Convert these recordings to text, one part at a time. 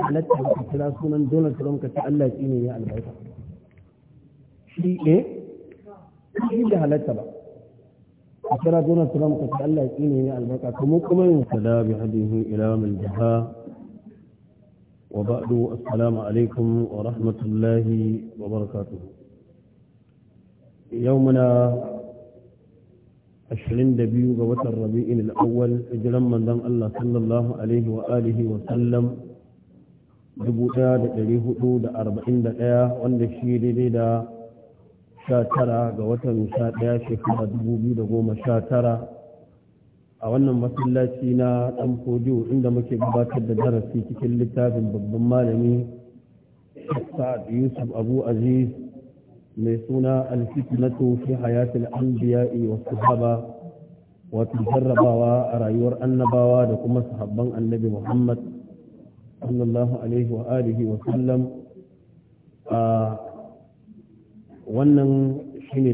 halatta ka kira sunan Donald Trump ka ce Allah ya ne ya albarka shi eh shi da halatta ba a kira Donald Trump ka ce Allah ya ne ya albarka kuma kuma yin sada bi hadihi ila min jaha wa ba'du assalamu alaikum wa rahmatullahi wa barakatuh يومنا 22 ga watan rabi'in al'awwal hijiran manzon Allah sallallahu alaihi wa alihi wa sallam 1441 wanda shi daidai da 19 ga watan 11 shekara 2019 a wannan masallaci na ɗan fodiyo inda muke gabatar da darasi cikin littafin babban malami sa'ad yusuf abu aziz mai suna alfitnatu fi hayatil anbiya'i wa sahaba wato jarrabawa a rayuwar annabawa da kuma sahabban annabi muhammad sallallahu alaihi wa alihi wa sallam a wannan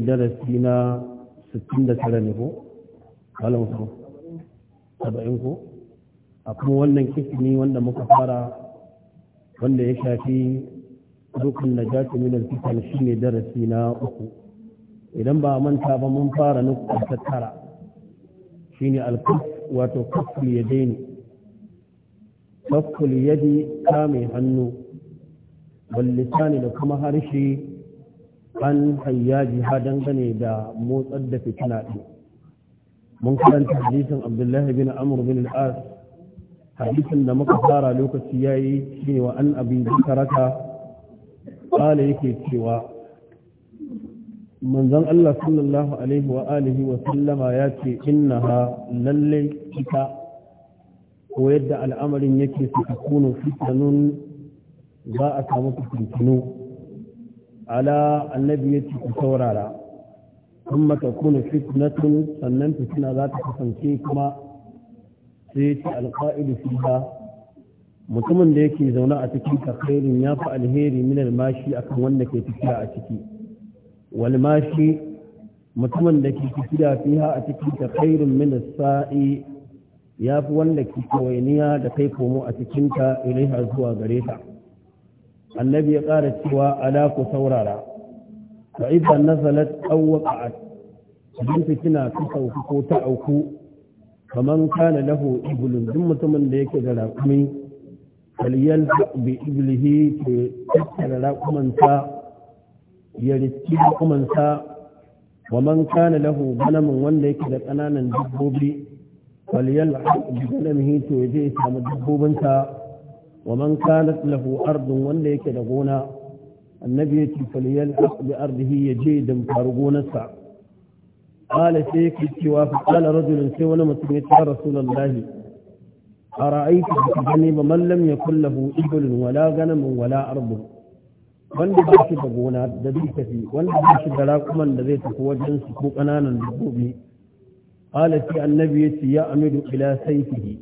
darasi na 69 ne ko malam 70 ko a kuma wannan kismi wanda muka fara wanda ya shafi rukun najati min al-fitan ne darasi na uku idan ba manta ba mun fara nukta tattara. tara shine al-kaf wato ya fakkul yadi kame hannu wallisani da kuma harshe an hayyaji ha dangane da motsar da fitina ɗin mun karanta hadisin abdullahi bin amr bin al'as hadisin da muka fara lokaci ya yi cewa an abin zikaraka ƙala yake cewa manzon Allah sallallahu alaihi wa alihi wa sallama ya ce innaha lalle ita ko yadda al'amarin yake suka kuno fitanun za a samu fitintinu ala annabi ya ce ku saurara kuma ta kuno fitnatun sannan fitina za ta kasance kuma sai ce alƙa'idu fiha mutumin da yake zaune a cikin takairin ya fi alheri min mashi akan wanda ke tafiya a ciki wal mashi mutumin da ke tafiya fiha a cikin takairin minar sa'i ya fi wanda ke koyaniya da kai komo a cikin cikinta ilaiha zuwa gare ta annabi ya ƙara cewa ala ku saurara fa idan nazalat aw waqa'at idan kina ta sauku ko ta auku kaman kana lahu Ibulun duk mutumin da yake da raƙumi faliyal bi iblihi ke tattara raƙumansa ya riski raƙumansa wa man kana lahu ganamin wanda yake da ƙananan dabbobi فليلعب بغنمه توجيه سام دبوبنسا ومن كانت له أرض وليك دغونا النبي فليلعب بأرضه يجيد فارغونسا قال سيك السوا فقال رجل سوى مسميت يا رسول الله أرأيت بجنب من لم يكن له إبل ولا غنم ولا أرض wanda ba shi da gona da zai tafi wanda ba shi da raƙuman da zai tafi wajen su ko ƙananan dabbobi qala fi annabi yace ya amidu ila sayfihi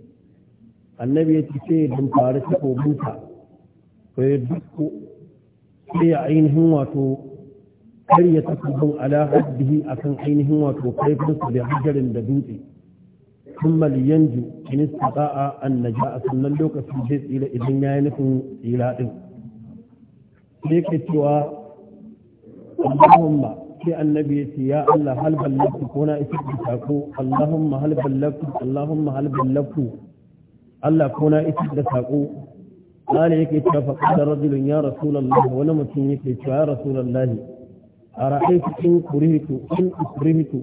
annabi yace sai dan fara takobinsa ko ya dukko sai ya ainihin wato kar ya takobin akan ainihin wato kaifinsa da hajjarin da dutse ثم لينجو إن a أن a sannan lokacin zai tsira idan ya yi nufin tsira ɗin. Sai ke cewa Allahumma sai annabi ya ce ya Allah hal ballaktu ko na isa da sako Allahumma hal ballaktu Allahumma hal ballaktu Allah ko na isa da sako Allah yake cewa fa qala rajulun ya rasulullah wani mutum yake cewa ya rasulullah ara'aytu in kurihtu in kurihtu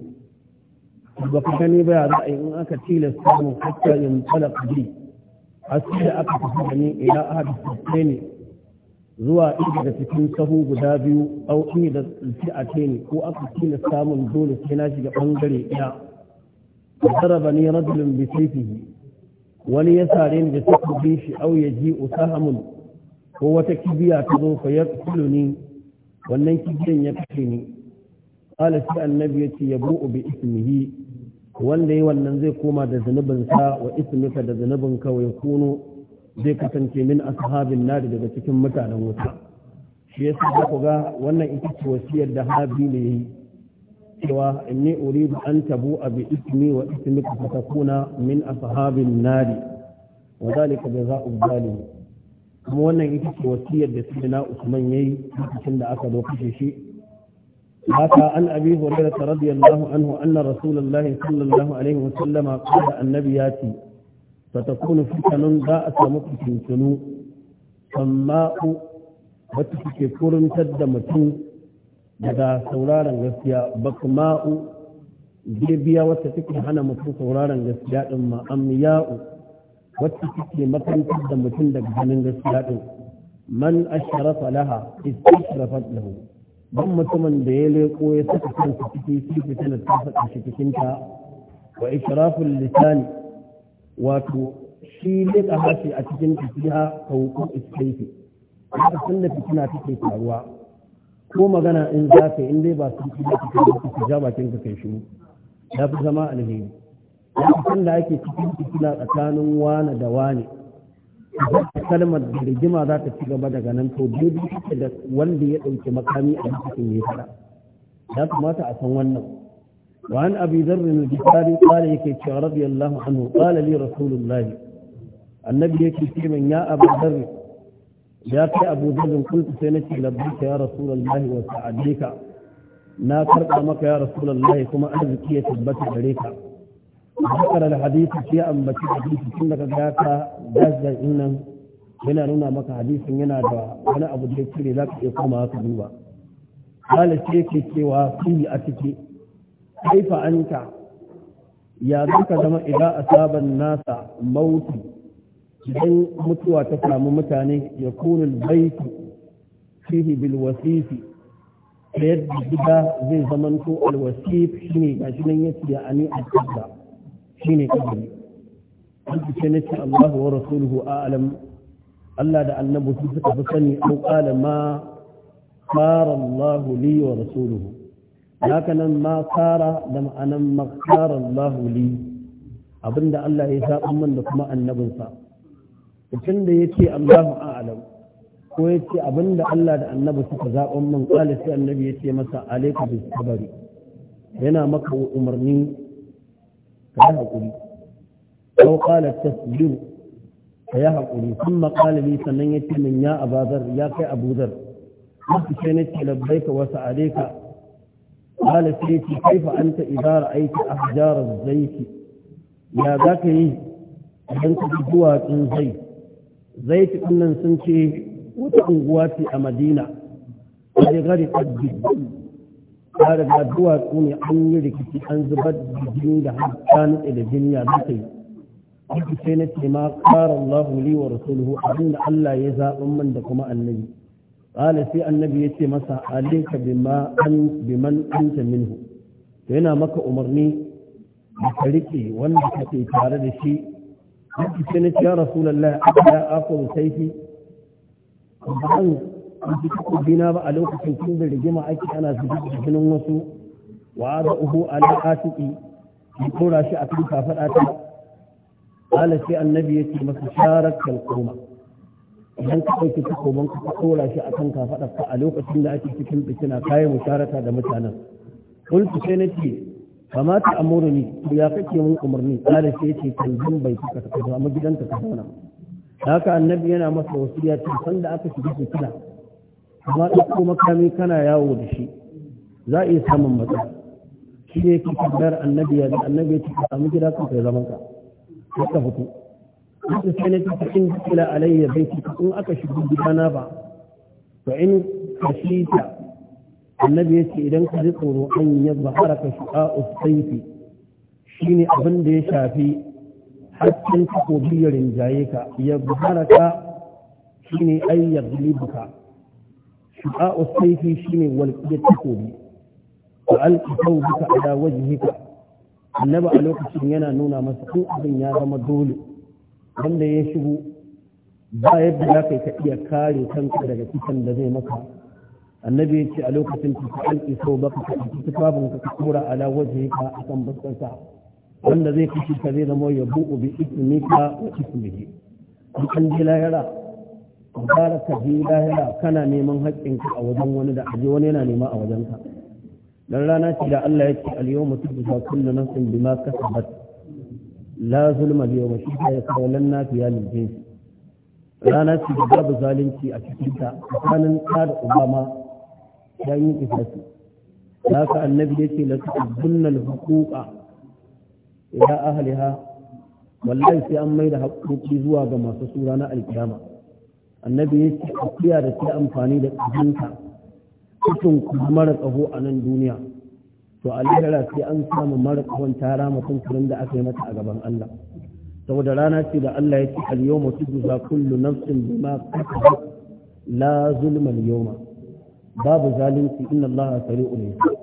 ba ka gani ba ra'ayi in aka tilasta mun hatta in talaq bi asira aka tafi da ni ila ahad ne zuwa inda da cikin sahu guda biyu au ɗin da fi'ate ne ko aka kila samun dole sai na shiga bangare ɗaya zaraba ne rajulun bisaifihi wani ya sare ni da takobin shi au ya ji usahamun ko wata kibiya ta zo fa ya ni wannan kibiyan ya kashe ni ala sai annabi yace buu bi ismihi wanda yi wannan zai koma da zunubinsa wa ismika da zunubinka wa kuno zai kasance min ashabin nar daga cikin mutanen wuta shi ya da ku ga wannan ita ce wasiyar da habi ne yi cewa inni uridu an tabu abi ismi wa ismika fatakuna min ashabin nar wa zalika jazaa'u zalim kuma wannan ita ce wasiyar da sayyidina Usman yayi lokacin da aka zo kashe shi haka an abi هريرة رضي الله عنه أن رسول الله صلى الله عليه وسلم قال فتكون فتن لا أسامك تنسنو سماء وتفكي فرن تد متن daga sauraron gaskiya bakma'u biya wacce take hana mutum sauraron gaskiya din ma'amya'u wacce take makantar da mutum daga hannun gaskiya din man asharafa laha lahu dan mutumin da ya leko ya saka kansa ciki shi fitina ta saka shi cikin ta wa israful lisani wato shi leƙa hace a cikin tafiya ta hukun iskaifi haka san da fitina take faruwa ko magana in za ka in dai ba su fi da fitina da su ja bakin ka kai shi ya fi zama alheri ya san da ake cikin fitina tsakanin wane da wane kalmar da rigima za ta ci gaba daga nan to daidai da wanda ya ɗauki makami a cikin ya faɗa ya kamata a san wannan وعن أبي ذر الجفاري قال يكيك رضي الله عنه قال لي رسول الله النبي يكيك من يا أبو ذر جاءك أبو ذر قلت سنتي لبيك يا رسول الله وسعديك na karɓa maka ya rasulullahi kuma arziki ya tabbata gare ka zakar alhadisi sai ambaci hadisi tun daga ga ka dazan innan yana nuna maka hadisin yana da wani abu da ya cire za ka iya koma ka duba qala sai ke cewa a ciki kaifa anta ya zaka zama idan asaban nasa mauti, idan mutuwa ta samu mutane ya kunu baiti fihi bil wasifi da yadda gida zai zamanto alwasif shine shi nan yace ya ani al-qadda shine kabari an ce ne ce Allah wa rasuluhu a'lam Allah da annabi su suka fi sani au qala ma fara Allah li wa rasuluhu haka nan ma fara da ma'anan makara Allah li abinda Allah ya zaɓa min da kuma annabinsa mutum da ya ce Allahu a'alam ko ya ce abinda Allah da annabi suka zaɓa min ƙala sai annabi ya ce masa alaikum bis sabari yana maka umarni ka yi haƙuri ko ƙala tasbir ka yi haƙuri sun maƙalibi sannan ya ce min ya abazar ya kai abuzar masu sai na ce labbaika wasu alaika قال سيتي كيف أنت إذا رأيت أحجار الزيت يا ذاك أنت بجوة زيت زيت أن سنتي وتنقواتي أمدينة غير قد ta riga duwatsu ne an yi rikici an zubar da jini da hannu da jini ya duka yi sai na ce ma ƙara Allah wa rasuluhu Allah ya zaɓin man da kuma annabi qala sai annabi yace masa alika bima an biman anta minhu to yana maka umarni ka rike wanda kake tare da shi yake ce ne ya rasulullah ya aku saifi ban ji ku bina ba a lokacin kin da rigima ake ana zubar da jinin wasu wa uhu ala atiqi ki kora shi a kan kafada ta qala sai annabi yace masa sharakal quma idan ka ɗauki takoban ka ɗora shi a faɗa kafaɗarka a lokacin da ake cikin bikina kayi musharaka da mutanen kulki sai nake kama ta amuru ni to ya kake mun umarni ƙara sai ce kalbin bai suka ta kaza amma gidanka ka zauna haka annabi yana masa wasiya ce san da aka shiga fitina amma ɗauko makami kana yawo da shi za a iya samun matsala shi ne yake tabbayar annabi ya annabi ya ce ka samu gida kan kai zaman ka ka fito haka sai na tafi in kula alayya baiti in aka shigo gidana ba to in kashita annabi ya ce idan ka ji tsoro an haraka zahara ka shi'a usaifi shine abin da ya shafi hakkin takobi ya rinjaye ka ya zahara ka shine ai ya galibuka shi'a usaifi shine walƙiyar takobi wa alƙisau buka ala wajhika annabi a lokacin yana nuna masa in abin ya zama dole wanda ya shigo ba yadda za ka yi ka iya kare kanka daga cikin da zai maka annabi ya ce a lokacin cikin an iso baka ka ɗauki tufafin ka ka tura ala waje ka a kan fuskarsa wanda zai kashe ka zai zama ya bu'u bi ismika wa ismihi an ji lahira gara ka lahira kana neman haƙƙinka a wajen wani da aje wani yana nema a ka. dan rana ce da Allah ya ce al-yawma tujza kullu nafsin bima kasabat la zulma al shi ya kawo lan nafiya lil jinsi rana ce da babu zalunci a cikin ta tsakanin da ubama dan yin isasi haka annabi yace la tudunnal huquqa ila ahliha wallahi sai an mai da haƙoƙi zuwa ga masu sura na alkiyama annabi ya ce akuya da ta amfani da ƙahinta cikin mara tsaho a nan duniya to a lahira sai an samu mara kwan tara mutum kurin da aka yi mata a gaban Allah saboda rana ce da Allah ya ce al-yawma tujza kullu nafsin bima kasabat la zulma al-yawma babu zalunci inna Allah sari'ul hisab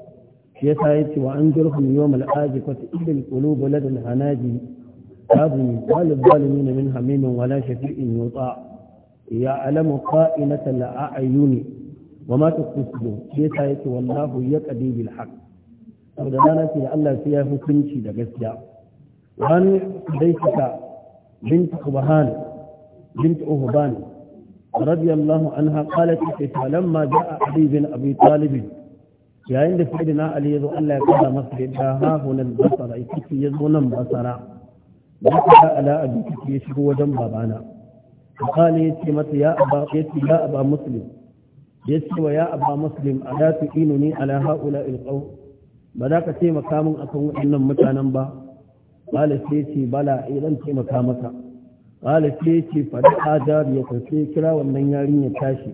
shi yasa yace wa anjurhum yawmal azifati idil qulub lad al-hanaji babu qalil zalimin min hamimin wala shafi'in yuta ya'lamu qa'inata al-a'yuni وما تخفي الصدور شيء والله يقضي بالحق saboda na nace da Allah sai ya hukunci da gaskiya wani dai suka bint Ubhan bint Uhban radiyallahu anha qalat fa lamma jaa a bin Abi Talib yayin da na, Ali yazo Allah ya kada masa yadda ha hunan basara ya zo nan basara da ala abi ya shigo wajen babana قال ya aba muslim أبا يتي يا أبا مسلم يتي ويا أبا مسلم ألا تعينني على هؤلاء القوم ba za ka taimaka min akan waɗannan mutanen ba ƙala sai ce bala idan eh, taimaka maka ƙala sai ce faɗi ajar ya sai kira wannan yarinya tashi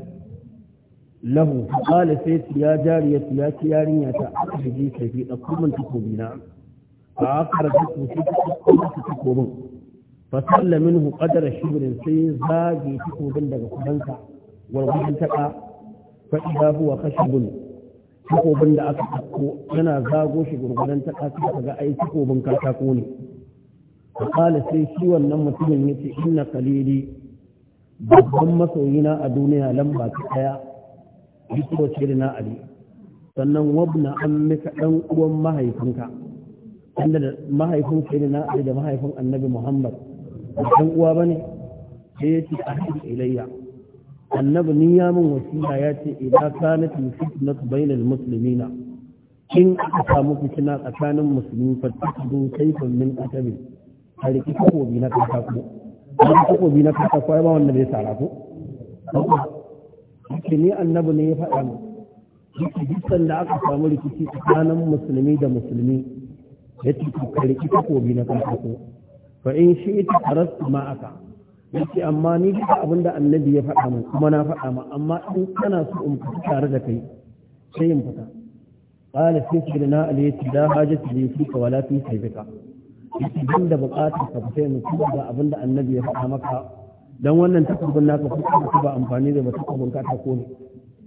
lahu ƙala sai ce ya jariya ya ce yarinya ta aka da ji ta fi ɗakumin takobi na a aka rasu ko sai ta ɗakumin takobin fasalla minhu qadara shibrin sai zage takobin daga kudansa warwajen taƙa faɗi ba huwa kashe gudu takobin da aka ɗauko yana zago shi gurgudan ta kasu ka ga ai takobin katako ne a kala sai shi wannan mutumin ya ce inna kalili babban masoyina a duniya lamba ta ɗaya yusuf ce na ali sannan wabna an mika ɗan uwan mahaifinka inda da mahaifin sai na ali da mahaifin annabi muhammad ɗan uwa ba ne sai ya ce a ilayya annabi ni ya min wasiya ya ce idan kanat fitnat bainal muslimina in aka samu fitina tsakanin musulmi fatakdu sayfan min atabi a riki bi na katako wani bi na katako ya ba wanda ne tsara ko ki ni annabi ne ya faɗa mu yake dukkan da aka samu rikici tsakanin musulmi da musulmi ya ce ka riki takobi na katako fa in shi ita ma aka. yake amma ni duka abin da annabi ya faɗa min kuma na faɗa ma amma in kana so in fita tare da kai sai in fita qala sai sai na ali da hajati ne fi ka wala fi sayyidika yace din da buƙatar ka sai mu kuma da abin da annabi ya faɗa maka dan wannan takobin naka ko ba amfani da ba takobin ka ta kone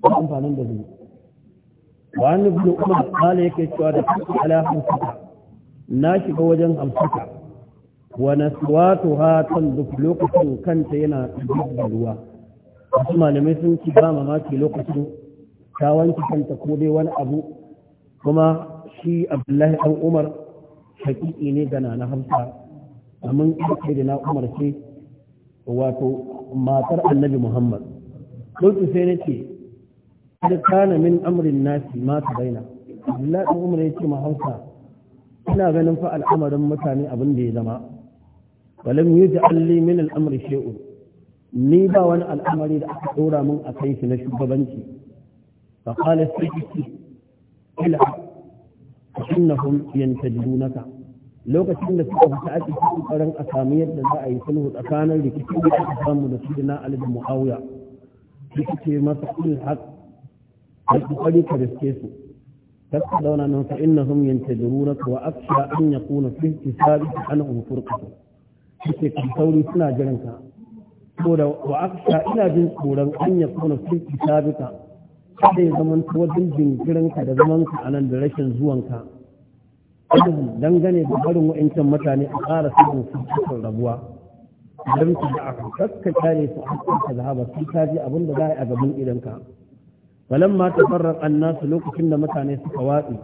ba amfanin da zai wa annabi ibn umar qala yake cewa da ala hamsata na shiga wajen hamsata wa naswatuha duk lokacin kanta yana da ruwa wasu malamai sun ci ba mamaki lokacin ta wanke kanta ko dai wani abu kuma shi abdullahi dan umar hakiki ne gana na hamsa Amin ita da na umar ce wato matar annabi muhammad kultu sai na ce kada kana min amrin nasi mata baina abdullahi dan umar ya ce ma Hausa ina ganin fa al'amarin mutane abin da ya zama walam yuj'al li min al-amri ni ba wani al'amari da aka dora min a kai shi na shugabanci fa qala sayyidi ila innahum yantajibunaka lokacin da suka fita ake kokarin a samu yadda za a yi sulhu tsakanin rikicin da aka samu da su na Ali da Muawiya rikice masa kul haq da kokari ka riske su tattauna nan fa innahum yantajirunaka wa aksha an yakuna fi ihtisabi anhum furqatun suke kan sauri suna jiran ka da wa aksha ina jin tsoron an ya kona sun kitabika kada ya zama wajen jinkirin ka da zaman ka anan da rashin zuwan ka dangane da barin wa'ancan mutane a ƙara samun sun rabuwa don su da aka kaskata ne su aka ka zahaba sun kaji abin da za a yi a gaban idanka falamma tafarraqan nasu lokacin da mutane suka watsi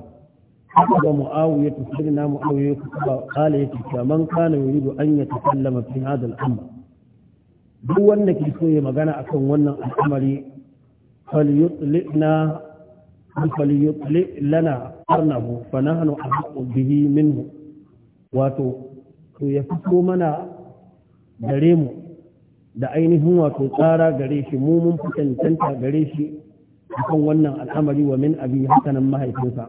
da mu'awiyar tafiyar na mu'awiyar kuma kala ya tafiya man kana ya yi an ya tafiya lamafin adal amma duk wanda ke so ya magana a kan wannan al'amari faliyutli lana arna hu fa nahnu ahqqu bihi minhu wato to ya fito mana gare mu da ainihin wato tsara gare shi mu mun fi cancanta gare shi akan wannan al'amari wa min abi hakanan mahaifinsa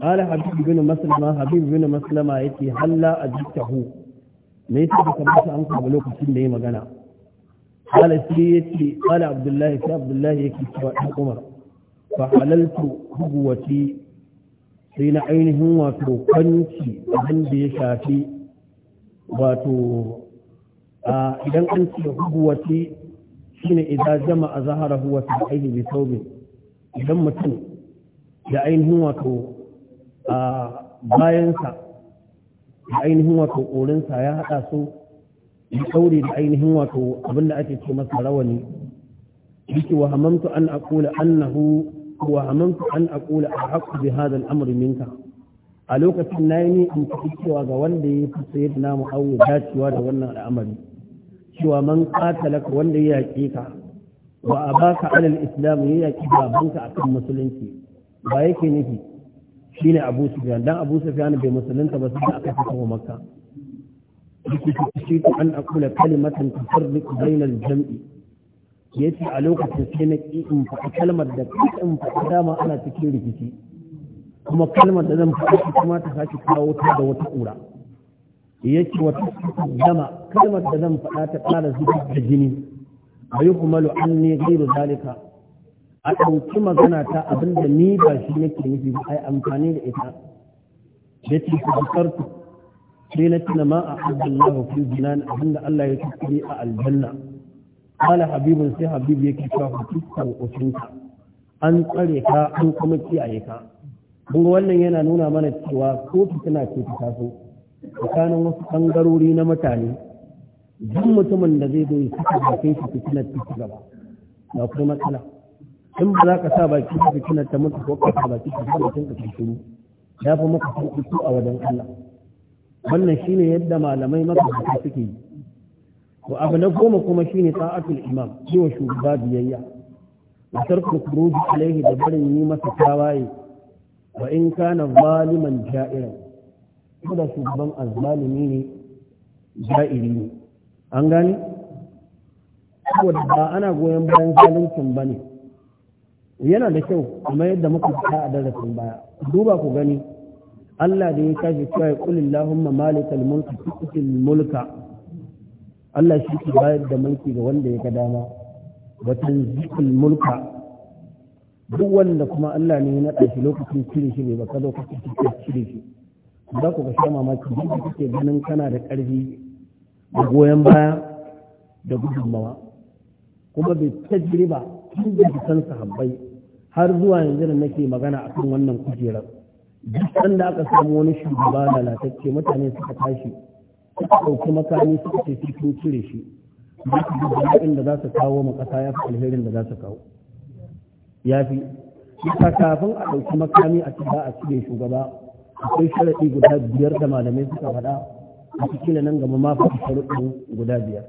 qala habib bin maslama habib bin maslama yake halla ajtahu me yasa ka ba an ka lokacin da yayi magana qala shi yake qala abdullahi sai abdullahi cewa dan umar fa halaltu hubuwati sai na ainihin wato kwanci abin da ya shafi wato idan an ce hubuwati shine idan a zaharahu wa idan mutum ainihin wato a bayansa da ainihin wato ƙorinsa ya haɗa su ya ɗaure da ainihin wato abin da ake ce masa rawani yake wa hamamtu an aqula annahu wa hamamtu an a ahqqu bi hadha al-amr minka a lokacin yi ni in fi cewa ga wanda ya fi namu mu'awwid dacewa da wannan al'amari cewa man qatalaka wanda ya yaƙe ka wa baka alal islam ya yaƙi babanka akan musulunci ba yake nufi shine Abu Sufyan dan Abu Sufyan bai musulunta ba sai aka fita wa Makka yake an aqula kalimatan tufarriqu bainal jam'i yace a lokacin sai na ki in faɗi kalmar da in faɗi dama ana cikin rikici kuma kalmar da zan faɗi kuma ta saki kawo ta da wata ƙura yace wata dama kalmar da zan faɗa ta ƙara zubar da jini ayyukumalu anni ghairu zalika a ɗauki magana ta abin da ni ba shi nake nufi ba ai amfani da ita da ce ku bukartu sai na tuna ma a abdullahu fi jinan abin da Allah ya tukuri a aljanna kala Habibu sai habib yake cewa ku tukkan usunka an tsare ka an kuma kiyaye ka kun wannan yana nuna mana cewa ko fitina ce ta taso tsakanin wasu bangarori na mutane duk mutumin da zai zo ya saka bakin shi fitinar ta gaba ba kuma matsala in ba za ka sa baki ka kina ta mutu ko ka sa baki ka sa mutum cikin ya fi maka sauƙi a wajen Allah wannan shine yadda malamai maka suke yi wa abu na goma kuma shine ta'atul imam yiwa shugaba biyayya wa tarku khuruji alaihi da barin yi masa tawaye wa in kana zaliman ja'ira ko da shugaban azzalimi ne ja'iri ne an gane saboda ba ana goyon bayan zaluncin bane yana da kyau kamar yadda muka fita a darasin baya duba ku gani Allah da ya kashe cewa ya kulli Allahumma malikal mulki tu'til mulka Allah shi ke bayar da mulki ga wanda ya ga dama wa tanzikul mulka duk wanda kuma Allah ne ya naɗa shi lokacin cire shi bai baka lokacin cire cire shi za ku ga sha mamaki duk da kake ganin kana da ƙarfi da goyon baya da gudunmawa kuma bai tajriba tun da bisan sahabbai har zuwa yanzu da nake magana a kan wannan kujerar duk sanda aka samu wani shugaba lalatacce mutane suka tashi suka ɗauki makami suka ce su sun cire shi za su ji bala'in da za su kawo ma ƙasa ya fi alherin da za su kawo ya fi ita kafin a ɗauki makami a ci ba a cire shugaba akwai sharaɗi guda biyar da malamai suka faɗa a cikin nan gaba ma fa guda biyar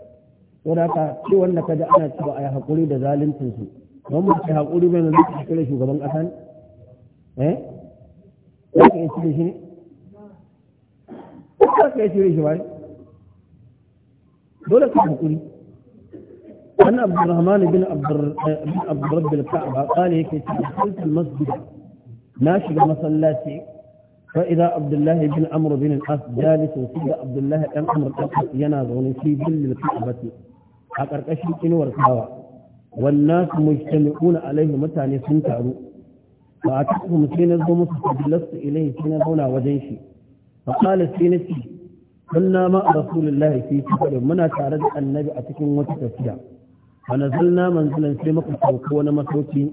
don haka ce wanda ka da ana cewa a yi haƙuri da zaluncin su don ba ce haƙuri bai mai zuci kira shugaban ƙasa ne eh za ka iya cire shi ne za ka iya cire shi ba dole ka haƙuri أن عبد الرحمن بن عبد بن عبد رب الكعبة قال هيك دخلت المسجد ماشي بمصلاتي فإذا عبد الله بن عمرو بن العاص جالس وسيد عبد الله بن عمرو بن العاص ينازعني في ظل الكعبة a ƙarƙashin inuwar kawa wannan su kuna alaihi mutane sun taru ba a cikin sai na zo musu fadilastu ilaihi sai na zauna wajen shi fa qala sai na ce na ma rasulullahi fi safarin muna tare da annabi a cikin wata tafiya zan na manzilan sai muka sauko wani masauki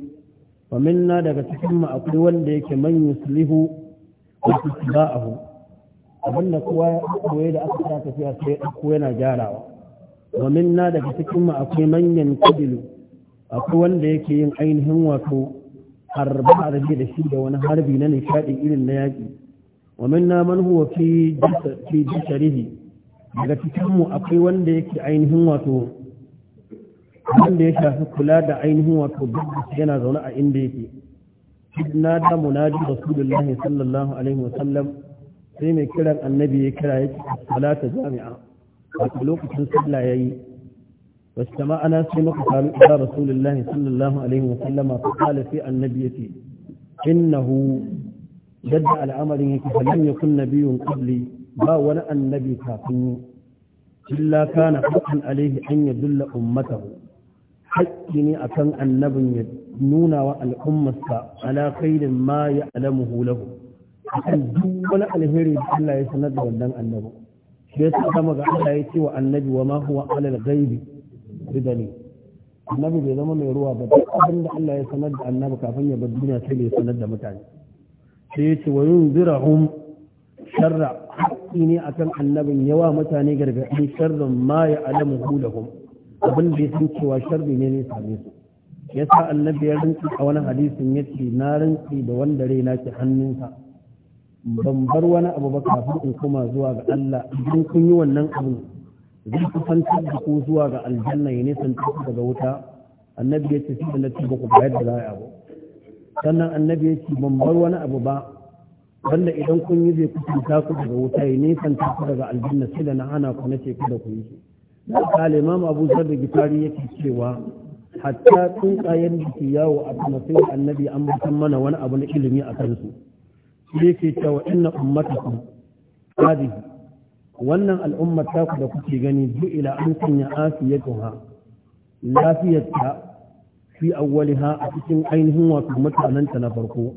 fa minna daga cikin mu akwai wanda yake man yuslihu wa tisba'ahu abinda kowa ya koyi da aka sa tafiya sai ya yana gyarawa wa na daga cikin akwai manyan kabilu akwai wanda yake yin ainihin wato harba da da shi da wani harbi na nishadi irin na yaƙi wa na man huwa fi fi daga cikinmu akwai wanda yake ainihin wato wanda ya shafi kula da ainihin wato duk yana zaune a inda yake na da munadi rasulullahi sallallahu alaihi wasallam sai mai kiran annabi ya kira yake salata jami'a a lokacin sallah yayi wa jama'a na sai muka faru da rasulullahi sallallahu alaihi wa sallam fa qala fi annabi yati innahu jadda al'amarin yake fa lam kunna biyun qabli ba wani annabi kafin illa na hakkan alaihi an ya yadulla ummata. hakki ne akan annabin ya nuna wa al'ummarsa ala khairin ma ya'lamuhu lahu akan duk wani alheri da Allah sanar da wannan annabin sai ta zama ga Allah ya ce wa annabi wa ma huwa alal ghaibi bidani annabi bai zama mai ruwa ba duk abin da Allah ya sanar da annabi kafin ya bar duniya sai ya sanar da mutane sai ya ce wa yunzirahum sharra haƙƙi ne akan annabin yawa mutane gargaɗi sharrin ma ya alamu hulahum abin da ya san cewa sharri ne ne same su yasa annabi ya rinki a wani hadisin yace na rinki da wanda raina ke hannunsa ban bar wani abu ba kafin in koma zuwa ga Allah idan kun yi wannan abu zai kusantar da ku zuwa ga aljanna ya nisan daga wuta annabi ya ce sai na ci ba ku bayar da ra'ayi abu sannan annabi ya ce ban bar wani abu ba wanda idan kun yi zai kusanta ku daga wuta ya nisan ku daga aljanna sai da na hana ku na ce ku da ku yi da kale imam abu zar da gitari yake cewa hatta tsuntsayen da ke yawo a kuma sai annabi an mutan mana wani abu na ilimi a kansu yake cewa inna ummatakum hadhihi wannan al'ummar ta ku da kuke gani ila an sanya asiyatuha lafiyarta fi ha a cikin ainihin wato ta na farko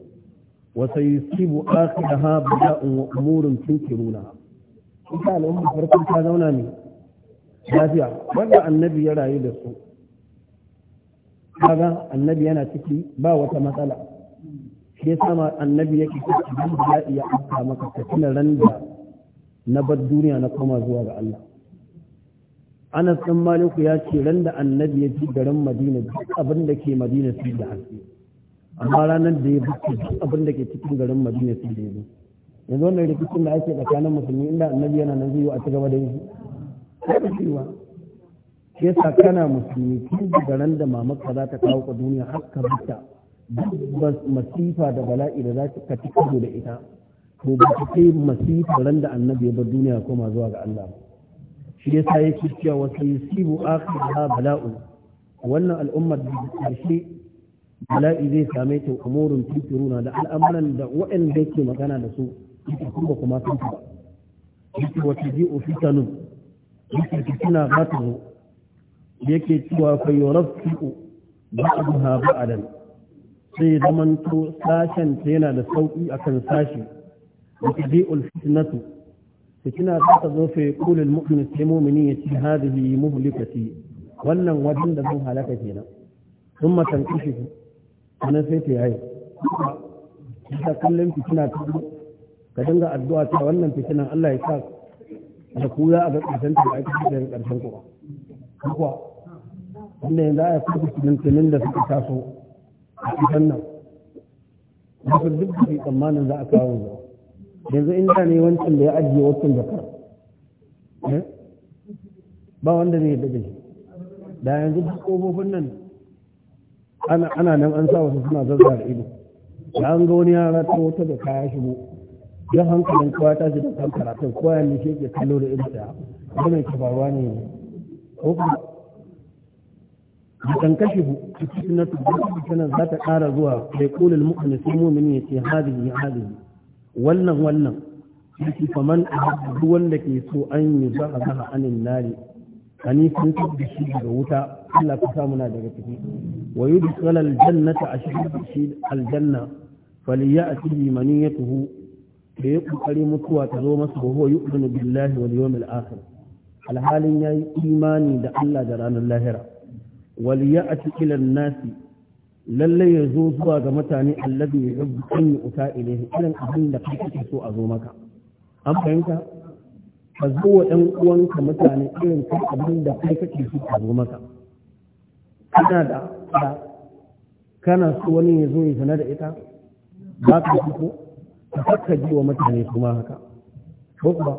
wa sayusibu akhiraha bala'un wa umurun tunkiruna ita al'ummar farko ta zauna ne lafiya wanda annabi ya rayu da su kaga annabi yana ciki ba wata matsala shi ya sama annabi yake cikin ya iya afka maka ka tuna ran da na bar duniya na koma zuwa ga Allah Anas ɗan Maliku ya ce ran da annabi ya ji garin Madina duk abin da ke Madina sai da haske amma ranar da ya bi duk abin da ke cikin garin Madina sai da yanzu yanzu wannan rikicin da ake tsakanin musulmi inda annabi yana nan zuwa a ci gaba da yi sai da cewa sai sa kana musulmi kin da ran da mamaka za ta kawo ka duniya har ka bita duk masifa da bala'i da za ka ci karo da ita to ba ta kai masifa ran da annabi ba duniya koma zuwa ga Allah shi yasa yake cewa wasu yusibu akhirha bala'u wannan al'ummar da karshe bala'i zai same ta umurun tuturuna da al'amuran da waɗanda yake magana da su yake kuma kuma san ba yake wata ji'u fitanun yake fitina za ta zo yake cewa fa yuraffi'u ba'daha ba'dan sai to sashen ta yana da sauƙi akan sashi da tabi'ul fitnatu kina za ta zo fa yaqulu al mu'min sai mu'mini yace hadhihi muhlikati wannan wajen da zan halaka kenan matan tanqishi anan sai ta yayi ta kallon fitina ta ka dinga addu'a ta wannan fitinan Allah ya sa da ku za a ga ƙarshen ta da ake cikin ƙarshen ku kuwa wanda yanzu a yi kuma fitinin da suka taso a cikin nan masu duk da fi tsammanin za a kawo zuwa yanzu inda ne wancan da ya ajiye wancan jakar eh? ba wanda ne ya daga shi da yanzu duk ƙofofin nan ana nan an sa wasu suna zazza da ido da an ga wani yara ta wata da kaya shigo don hankalin kowa ta ji da kan karatun kowa ya nishe ke kallo da ido da wani ke faruwa ne ko kuma بتنكشف الفتنة الفتنة ذات قارة فيقول المؤمن في المؤمن هذه هذه ولن ولن yake faman duk wanda ke so an yi zaha zaha anin nari ani sun da shi daga wuta Allah ka samu na daga ciki wa yudkhal al jannata ashhadu shi al janna falyati bi maniyatuhu da ya kokari mutuwa ta zo masa ko huwa yu'minu billahi wal yawmil akhir alhalin yayi imani da Allah da ranar lahira waliya a cikin nasi lallai ya zo zuwa ga mutane allabi ya yi an yi uta ilaihi irin abin da kake so a zo maka an fahimta ka zo wa ɗan uwanka mutane irin kai abin da kai kake so a zo maka kana da ɗa kana so wani ya zo ya zana da ita ba ka so ko ka fakka ji wa mutane kuma haka ko kuma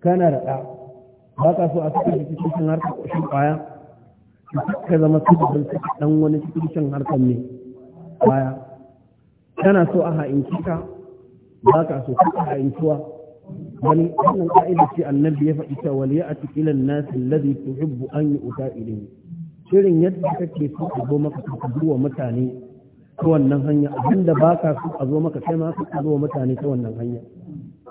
kana da ɗa ba ka so a cikin cikin harkar ƙwashin ƙwaya ka zama sababin saka dan wani cikin shan harkar ne baya kana so a ha'inci ka ba ka so ka ha'incuwa wani wannan ka'ida ce annabi ya faɗi ta waliya a cikin nasi nas alladhi hibbu an uta ilayhi shirin yadda kake so a zo maka ka zuwa mutane ta wannan hanya abinda ba ka so a zo maka kai ma ka zo mutane ta wannan hanya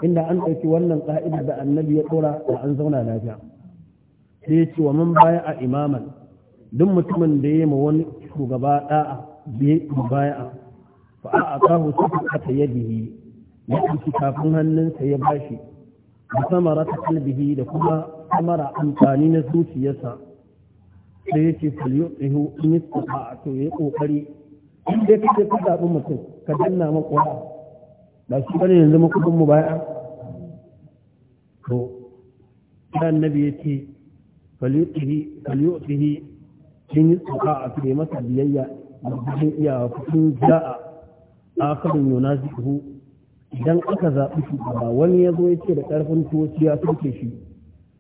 inda an ɗauki wannan ka'ida da annabi ya ɗora da an zauna lafiya sai ya ce wa man baya a imaman duk mutumin da ya ma wani shugaba da'a bai baya fa a kahu saka yadihi ya ɗauki kafin hannunsa ya bashi da samara ta kalbihi da kuma samara amfani na zuciyarsa sai ya ce falyuɗihu in yi a to ya kokari ƙoƙari in dai kake ka zaɓi mutum ka danna makwara ba shi bane yanzu makudin mu baya to sai annabi ya ce falyuɗihi kin yi tsoka a fiye masa biyayya da cikin iyawa a za'a yana yunazihu idan aka zaɓi shi ba wani ya zo ya ce da ƙarfin tuwoci ya soke shi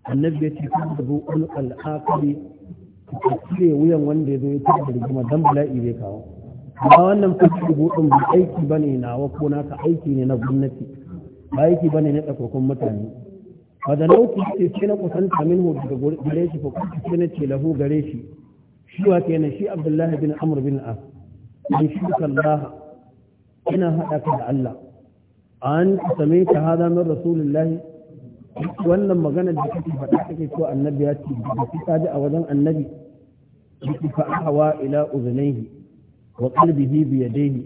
annabi ya ce kan da zuƙun al'akari ka cire wuyan wanda ya zo ya ce da rigima dan bala'i zai kawo amma wannan fashe buɗin ba aiki ba ne nawa ko ka aiki ne na gwamnati ba aiki ba ne na tsakokon mutane ba da nauki ce ce na kusanta min hu da gare shi ko kuma ce na ce lahu gare shi shi kenan shi abdullahi bin Amur bin as in shi Allah ina hada ka da Allah an same ka hada min rasulullahi wannan magana da kake faɗa kake ko annabi ya ce da ka ji a wajen annabi bi fa'awa ila uzunaihi wa qalbihi bi yadayhi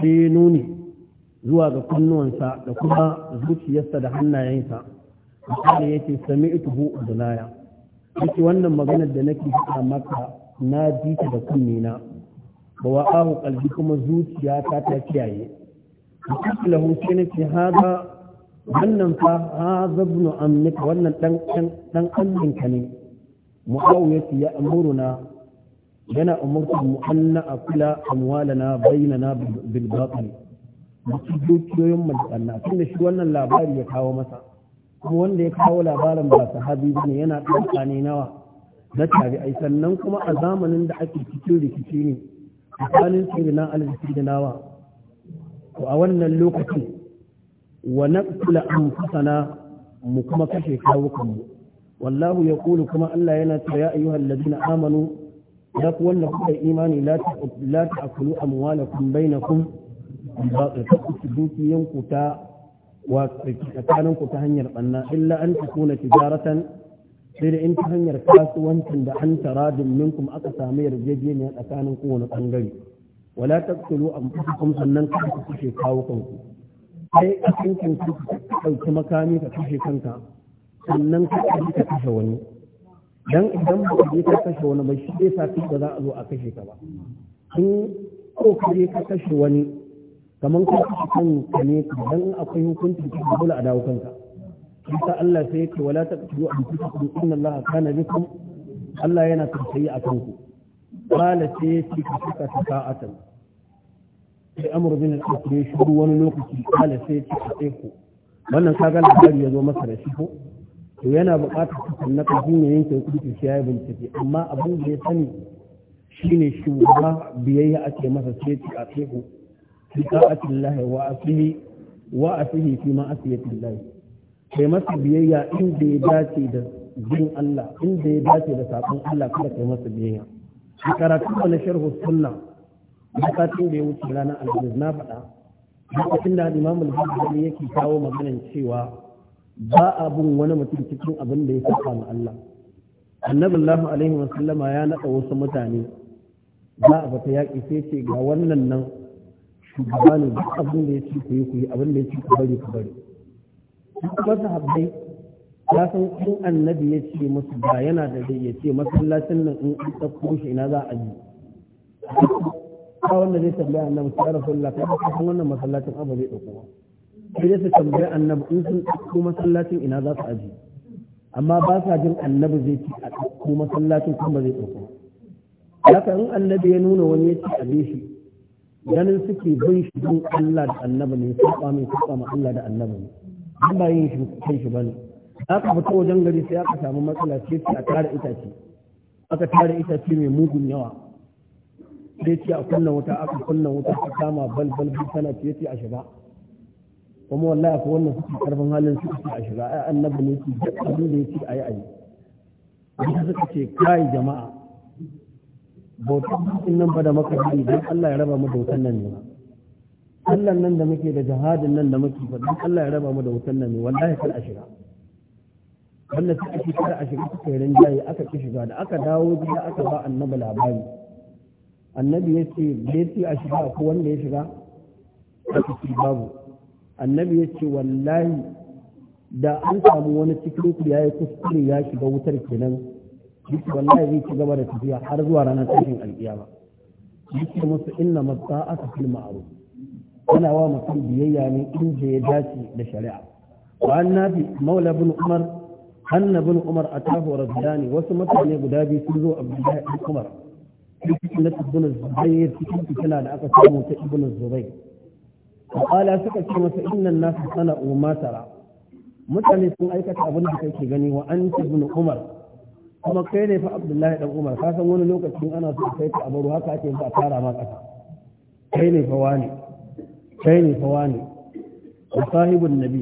sai nuni zuwa ga kunnuwansa da kuma zuciyarsa da hannayensa misali yace sami'tuhu udunaya yace wannan maganar da nake faɗa maka na ji ta da kunne na ba wa ahu kalbi kuma zuciya ta ta kiyaye kuma lahu sai na ce haza wannan fa haza ibn ammik wannan dan dan ne muawiya ya amuruna yana umurtu mu anna akula amwalana bainana bil batil mutum dukiyoyin mulkanna da shi wannan labari ya kawo masa kuma wanda ya kawo labarin ba sahabi ne yana ɗauka ne nawa na ai sannan kuma a zamanin da ake cikin rikici ne tsakanin sayyidina arziki da nawa to a wannan lokacin wa naqtula anfusana mu kuma kashe kawukan mu wallahu yaqulu kuma Allah yana cewa ya ayyuhal ladina amanu ya ku wannan kuka imani la la ta'kulu amwalakum bainakum baina batil dukiyanku ta wa tsakaninku ta hanyar banna illa an ki tijaratan sai da in ta hanyar kasuwancin da an tara minkum aka samu yarjejeniya tsakanin kowane bangare wala ta a anfusakum sannan kada ku kashe kawo kanku sai a cikin ku dauki makami ka kashe kanka sannan ka kaji ka kashe wani dan idan ba ka je ka kashe wani ba shi zai sa ba za a zo a kashe ka ba in ko ka je ka kashe wani kamar ka kashe kanka ne dan akwai hukuncin da dole a dawo kanka sa Allah sai yake wala taqtulu anfusakum inna Allah kana bikum Allah yana tausayi a kanku qala sai yake kika taka'atan sai amru bin al-asr ya shiru wani lokaci qala sai yake sai ku wannan kaga labari ya zo masa da shi ko to yana buƙatar tukun na ƙarfin ya yanke hukunci shi ya yi bincike amma abin da ya sani shine shugaba biyayya ake masa sai ci a tsehu fi ta'atillahi wa asili wa asili fi ma asiyatillahi kai masa biyayya inda ya dace da jin Allah inda ya dace da sakon Allah kada kai masa biyayya a karatun na sharhu sunna lokacin da ya wuce ranar alhamis na faɗa lokacin da imam al ya yake kawo maganan cewa ba a bin wani mutum cikin abin da ya saba ma Allah annabi Allah alaihi wa ya naɗa wasu mutane za a bata yaƙi sai ce ga wannan nan shugaba ne duk abin da ya ci ku yi ku yi abin da ya ci ku bari ku bari kuma sahabbai ya san in annabi ya ce musu ba yana da zai ya ce masallacin nan in an ɗauko shi ina za a yi ba wanda zai tambaya annabi sai rasulullah kai ba san wannan masallacin abu zai ɗauko ba sai dai su tambaya annabi in sun ɗauko masallacin ina za su aji amma ba sa jin annabi zai ci a ɗauko masallacin kuma zai ɗauko haka in annabi ya nuna wani ya ci a shi ganin suke bin shi don Allah da annabi ne sai ba mai saba ma Allah da annabi ne an ba yin shi kan shi bane aka fita wajen gari sai aka samu matsala sai a tara itace aka tara itace mai mugun yawa sai ce a kunna wuta aka kunna wuta aka kama bal bal bal tana ce ce a shiga kuma wallahi akwai wannan suke karfin halin su ke a shiga ai annabi ne su duk abin da yake ayi ayi wanda suka ce kai jama'a bautan nan ba da maka don Allah ya raba mu da wutan nan ne ba Allah nan da muke da jihadin nan da muke faɗi Allah ya raba mu da wutan nan ne wallahi kar a shiga wanda sai ake kar a shiga suka yi rinjaye aka ki shiga da aka dawo gida aka ba annabi labari annabi ya ce da ya a shiga ko wanda ya shiga a ciki babu annabi ya ce wallahi da an samu wani cikin ku ya yi kuskure ya shiga wutar kenan duk wallahi zai ci gaba da tafiya har zuwa ranar tashin alkiyama yake musu inna masa'atu fil ma'ruf yana wa mutum biyayya ne je ya dace da shari'a wa annabi maula bin umar Hanna bin umar atahu rabbani wasu mutane guda biyu sun zo abdullahi bin umar na ibn zubair cikin fitina da aka samu ta ibn zubair qala suka ce masa innan an-nas sana'u ma mutane sun aikata abin da kake gani wa anta ibn umar kuma kai ne fa abdullahi dan umar ka san wani lokacin ana so kai ka abaru haka ake ba tara ma kasa kai ne fa wani kai ne fa wani wa sahibun nabi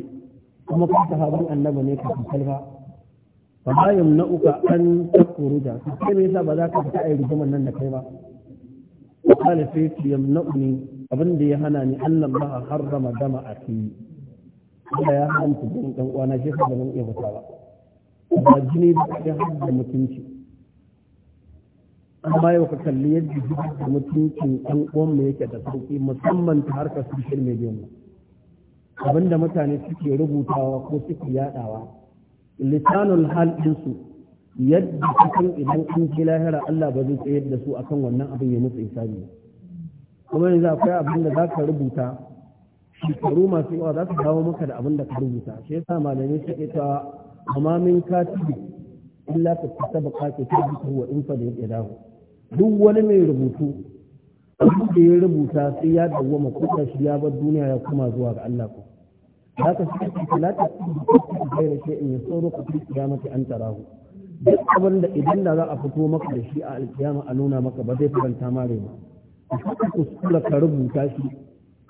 kuma ka sahaban annabi ne ka kalfa fa ma yamna'uka an kai me yasa ba za ka fita yi rigiman nan da kai ba qala fi yamna'uni abin da ya hana ni Allah ma harrama dama a fi Kuma ya hana mutum dan uwana shi ka ban iya fita ba ba jini ba ya hana mutunci amma yau ka kalli yadda zubar da mutuncin ɗan uwanmu yake da sauƙi musamman ta harkar social media mu abinda mutane suke rubutawa ko suke yaɗawa lisanul hal ɗinsu yadda cikin idan an ji lahira Allah ba zai tsayar da su akan wannan abin ya isa ne kuma yanzu akwai abin da za ka rubuta shekaru masu yawa za su dawo maka da abin da ka rubuta shi yasa malamai suke cewa amma min katibi illa ka tsaba ka ke tabbata wa in fa da yadda dawo duk wani mai rubutu duk da ya rubuta sai ya dawo kuɗa shi ya bar duniya ya kuma zuwa ga Allah ko haka shi ke talata da kai da ke in ya tsoro ka fi kiyamati an tarahu duk abin da idan da za a fito maka da shi a alkiyama a nuna maka ba zai faranta mare ba ka kuskura ka rubuta shi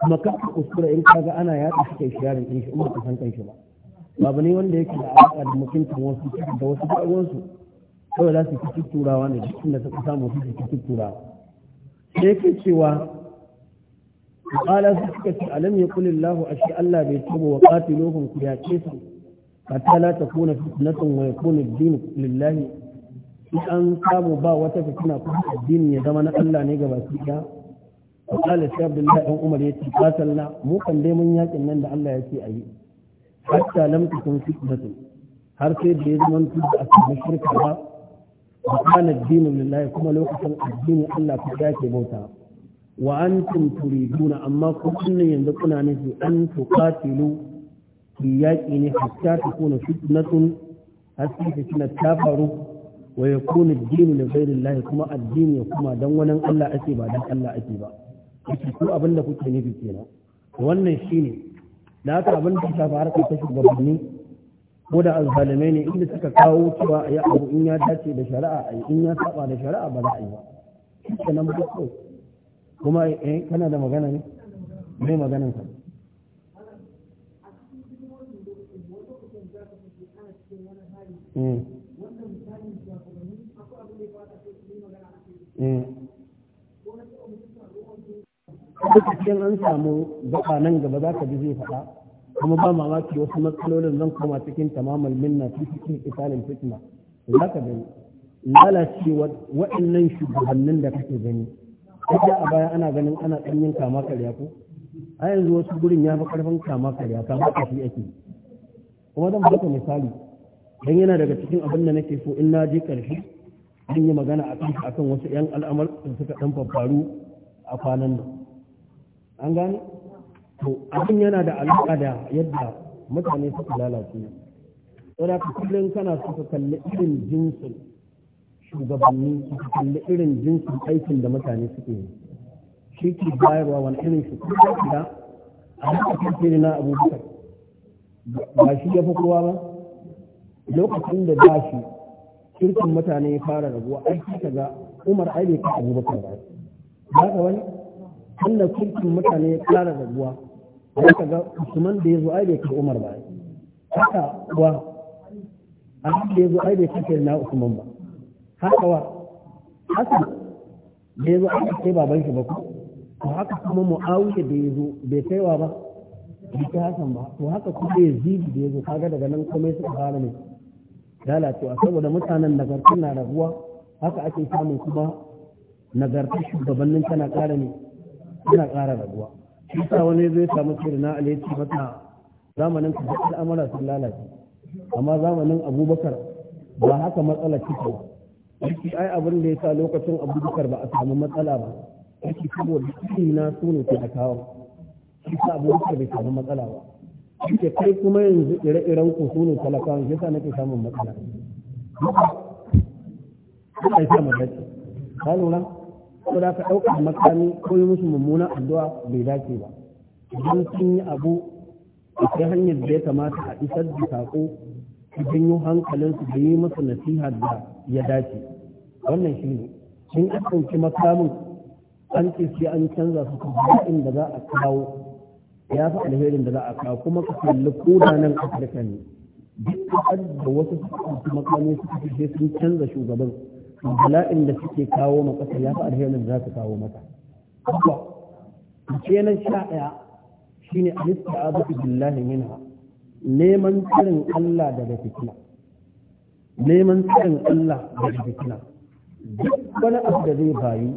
kuma ka kuskura in kaga ana yaɗa shi kai shiyarin ɗin shi in ba ka san kan shi ba babu ne wanda yake da alaƙa da mutuntun wasu da wasu ɗan kawai za su turawa ne cikin da suka samu su ci turawa sai yake cewa kala su suka ce alam a shi Allah bai tubu wa lokun ku ya ce su hatta la takuna fitnatun wa ya ad dini lillahi in an samu ba wata fitina ko addini ya zama na Allah ne gaba su da ƙala shi Abdullahi Ɗan Umar ya yace salla! mu kan dai mun yakin nan da Allah ya ayi hatta lam takun fitnatun har sai da ya zama a cikin shirka ba wa kana ad-dinu lillahi kuma lokacin addini Allah ku yake bauta wa antum turiduna amma ku kunnan yanzu kuna nufi an tuqatilu fi yaqi ne hatta takuna fitnatun hatta fitna ta faru wa yakuna ad-dinu li ghayri Allah kuma addini ya kuma dan wani Allah ake ba dan Allah ake ba yake ku abinda kuke nufi kenan wannan shine da haka abin da ta fara ta shugabanni ko da azzalimai ne inda suka kawo cewa a yi abu in ya dace da shari'a a yi in ya saba da shari'a ba za a yi ba shi ke nan ba ko kuma eh kana da magana ne mai maganan ka Duk eh. eh. cikin an samu gaba nan gaba za ka ji zai faɗa kuma ba mamaki wasu matsalolin zan koma cikin tamamal minna su cikin isalin fitna za ka gani lalacewa waɗannan shugabannin da kake gani kaje a baya ana ganin ana ɗanyin kama karya ko a yanzu wasu gurin ya fi ƙarfin kama karya kama kashi ake kuma zan baka misali dan yana daga cikin abin da nake so in na je ƙarshe zan yi magana a akan wasu 'yan al'amar da suka ɗan faru a kwanan nan an gane to abin yana da alaƙa da yadda mutane suka lalace saboda ka kullum kana so ka kalli irin jinsin shugabanni ka kalli irin jinsin aikin da mutane suke yi shi ke bayarwa wani irin shi kuma da a lokacin fere na abubuwa ba shi ya fi kowa ba lokacin da ba shi kirkin mutane ya fara raguwa aiki ka ga umar ai bai ka abubuwa ba ba ka wani wanda kirkin mutane ya fara raguwa sai ka ga usman da ya zo ai bai kai umar ba haka wa abin da ya zo ai bai kai na usman ba haka wa hasan da ya zo ai kai baban shi ba ku to haka kuma muawiya da ya zo bai kaiwa ba bai kai hasan ba to haka kuma yazidi da ya zo kaga daga nan komai suka fara ne lalacewa saboda mutanen nagartun na raguwa haka ake samun kuma nagartar shugabannin tana ƙara ne tana ƙara raguwa kisa wani zai samu sai na ali mata zamanin ka duk al'amura sun lalace amma zamanin abubakar ba haka matsala kike ba yake ai abin da ya sa lokacin abubakar ba a samu matsala ba yake saboda kiri na su ne ke kawo shi sa abubakar bai samu matsala ba yake kai kuma yanzu ire-iren ku su ne talakawan shi sa nake samun matsala. Kuma ya sa madaci. Ka lura? ko da ka ɗaukar makami ko yi musu mummunan addu'a bai dace ba idan sun yi abu kai hanyar da ya kamata a isar da saƙo ki janyo hankalinsu da yi masa nasiha da ya dace wannan shi ne sun an ɗauki makamin an ce sai an canza su bala'in da za a kawo ya fi alherin da za a kawo kuma ka kalli koda nan afirka ne duk da wasu suka ɗauki makami suka ce sun canza shugaban bala'in da suke kawo makasar ya fi alherin za su kawo mata ce nan sha ɗaya shine al-isti'azatu billahi minha neman tsirin Allah daga fitina neman Allah daga fitina duk wani abu da zai bayu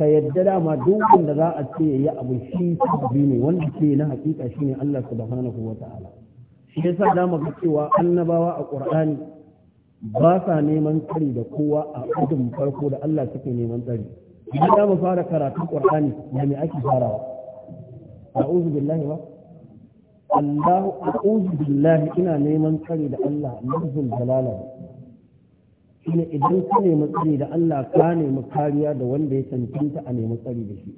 ka yadda dama duk wanda za a ce yayi abu shi sabbi ne wanda ke na hakika shine Allah subhanahu wa ta'ala shi yasa dama ga cewa annabawa a ƙur'ani ba sa neman tsari da kowa a ajin farko da Allah suke neman tsari idan za mu fara karatun qur'ani da me ake farawa a'udhu billahi wa a'udhu billahi ina neman tsari da Allah nazul jalala ina idan ka nemi tsari da Allah ka nemi kariya da wanda ya cancanta a nemi tsari da shi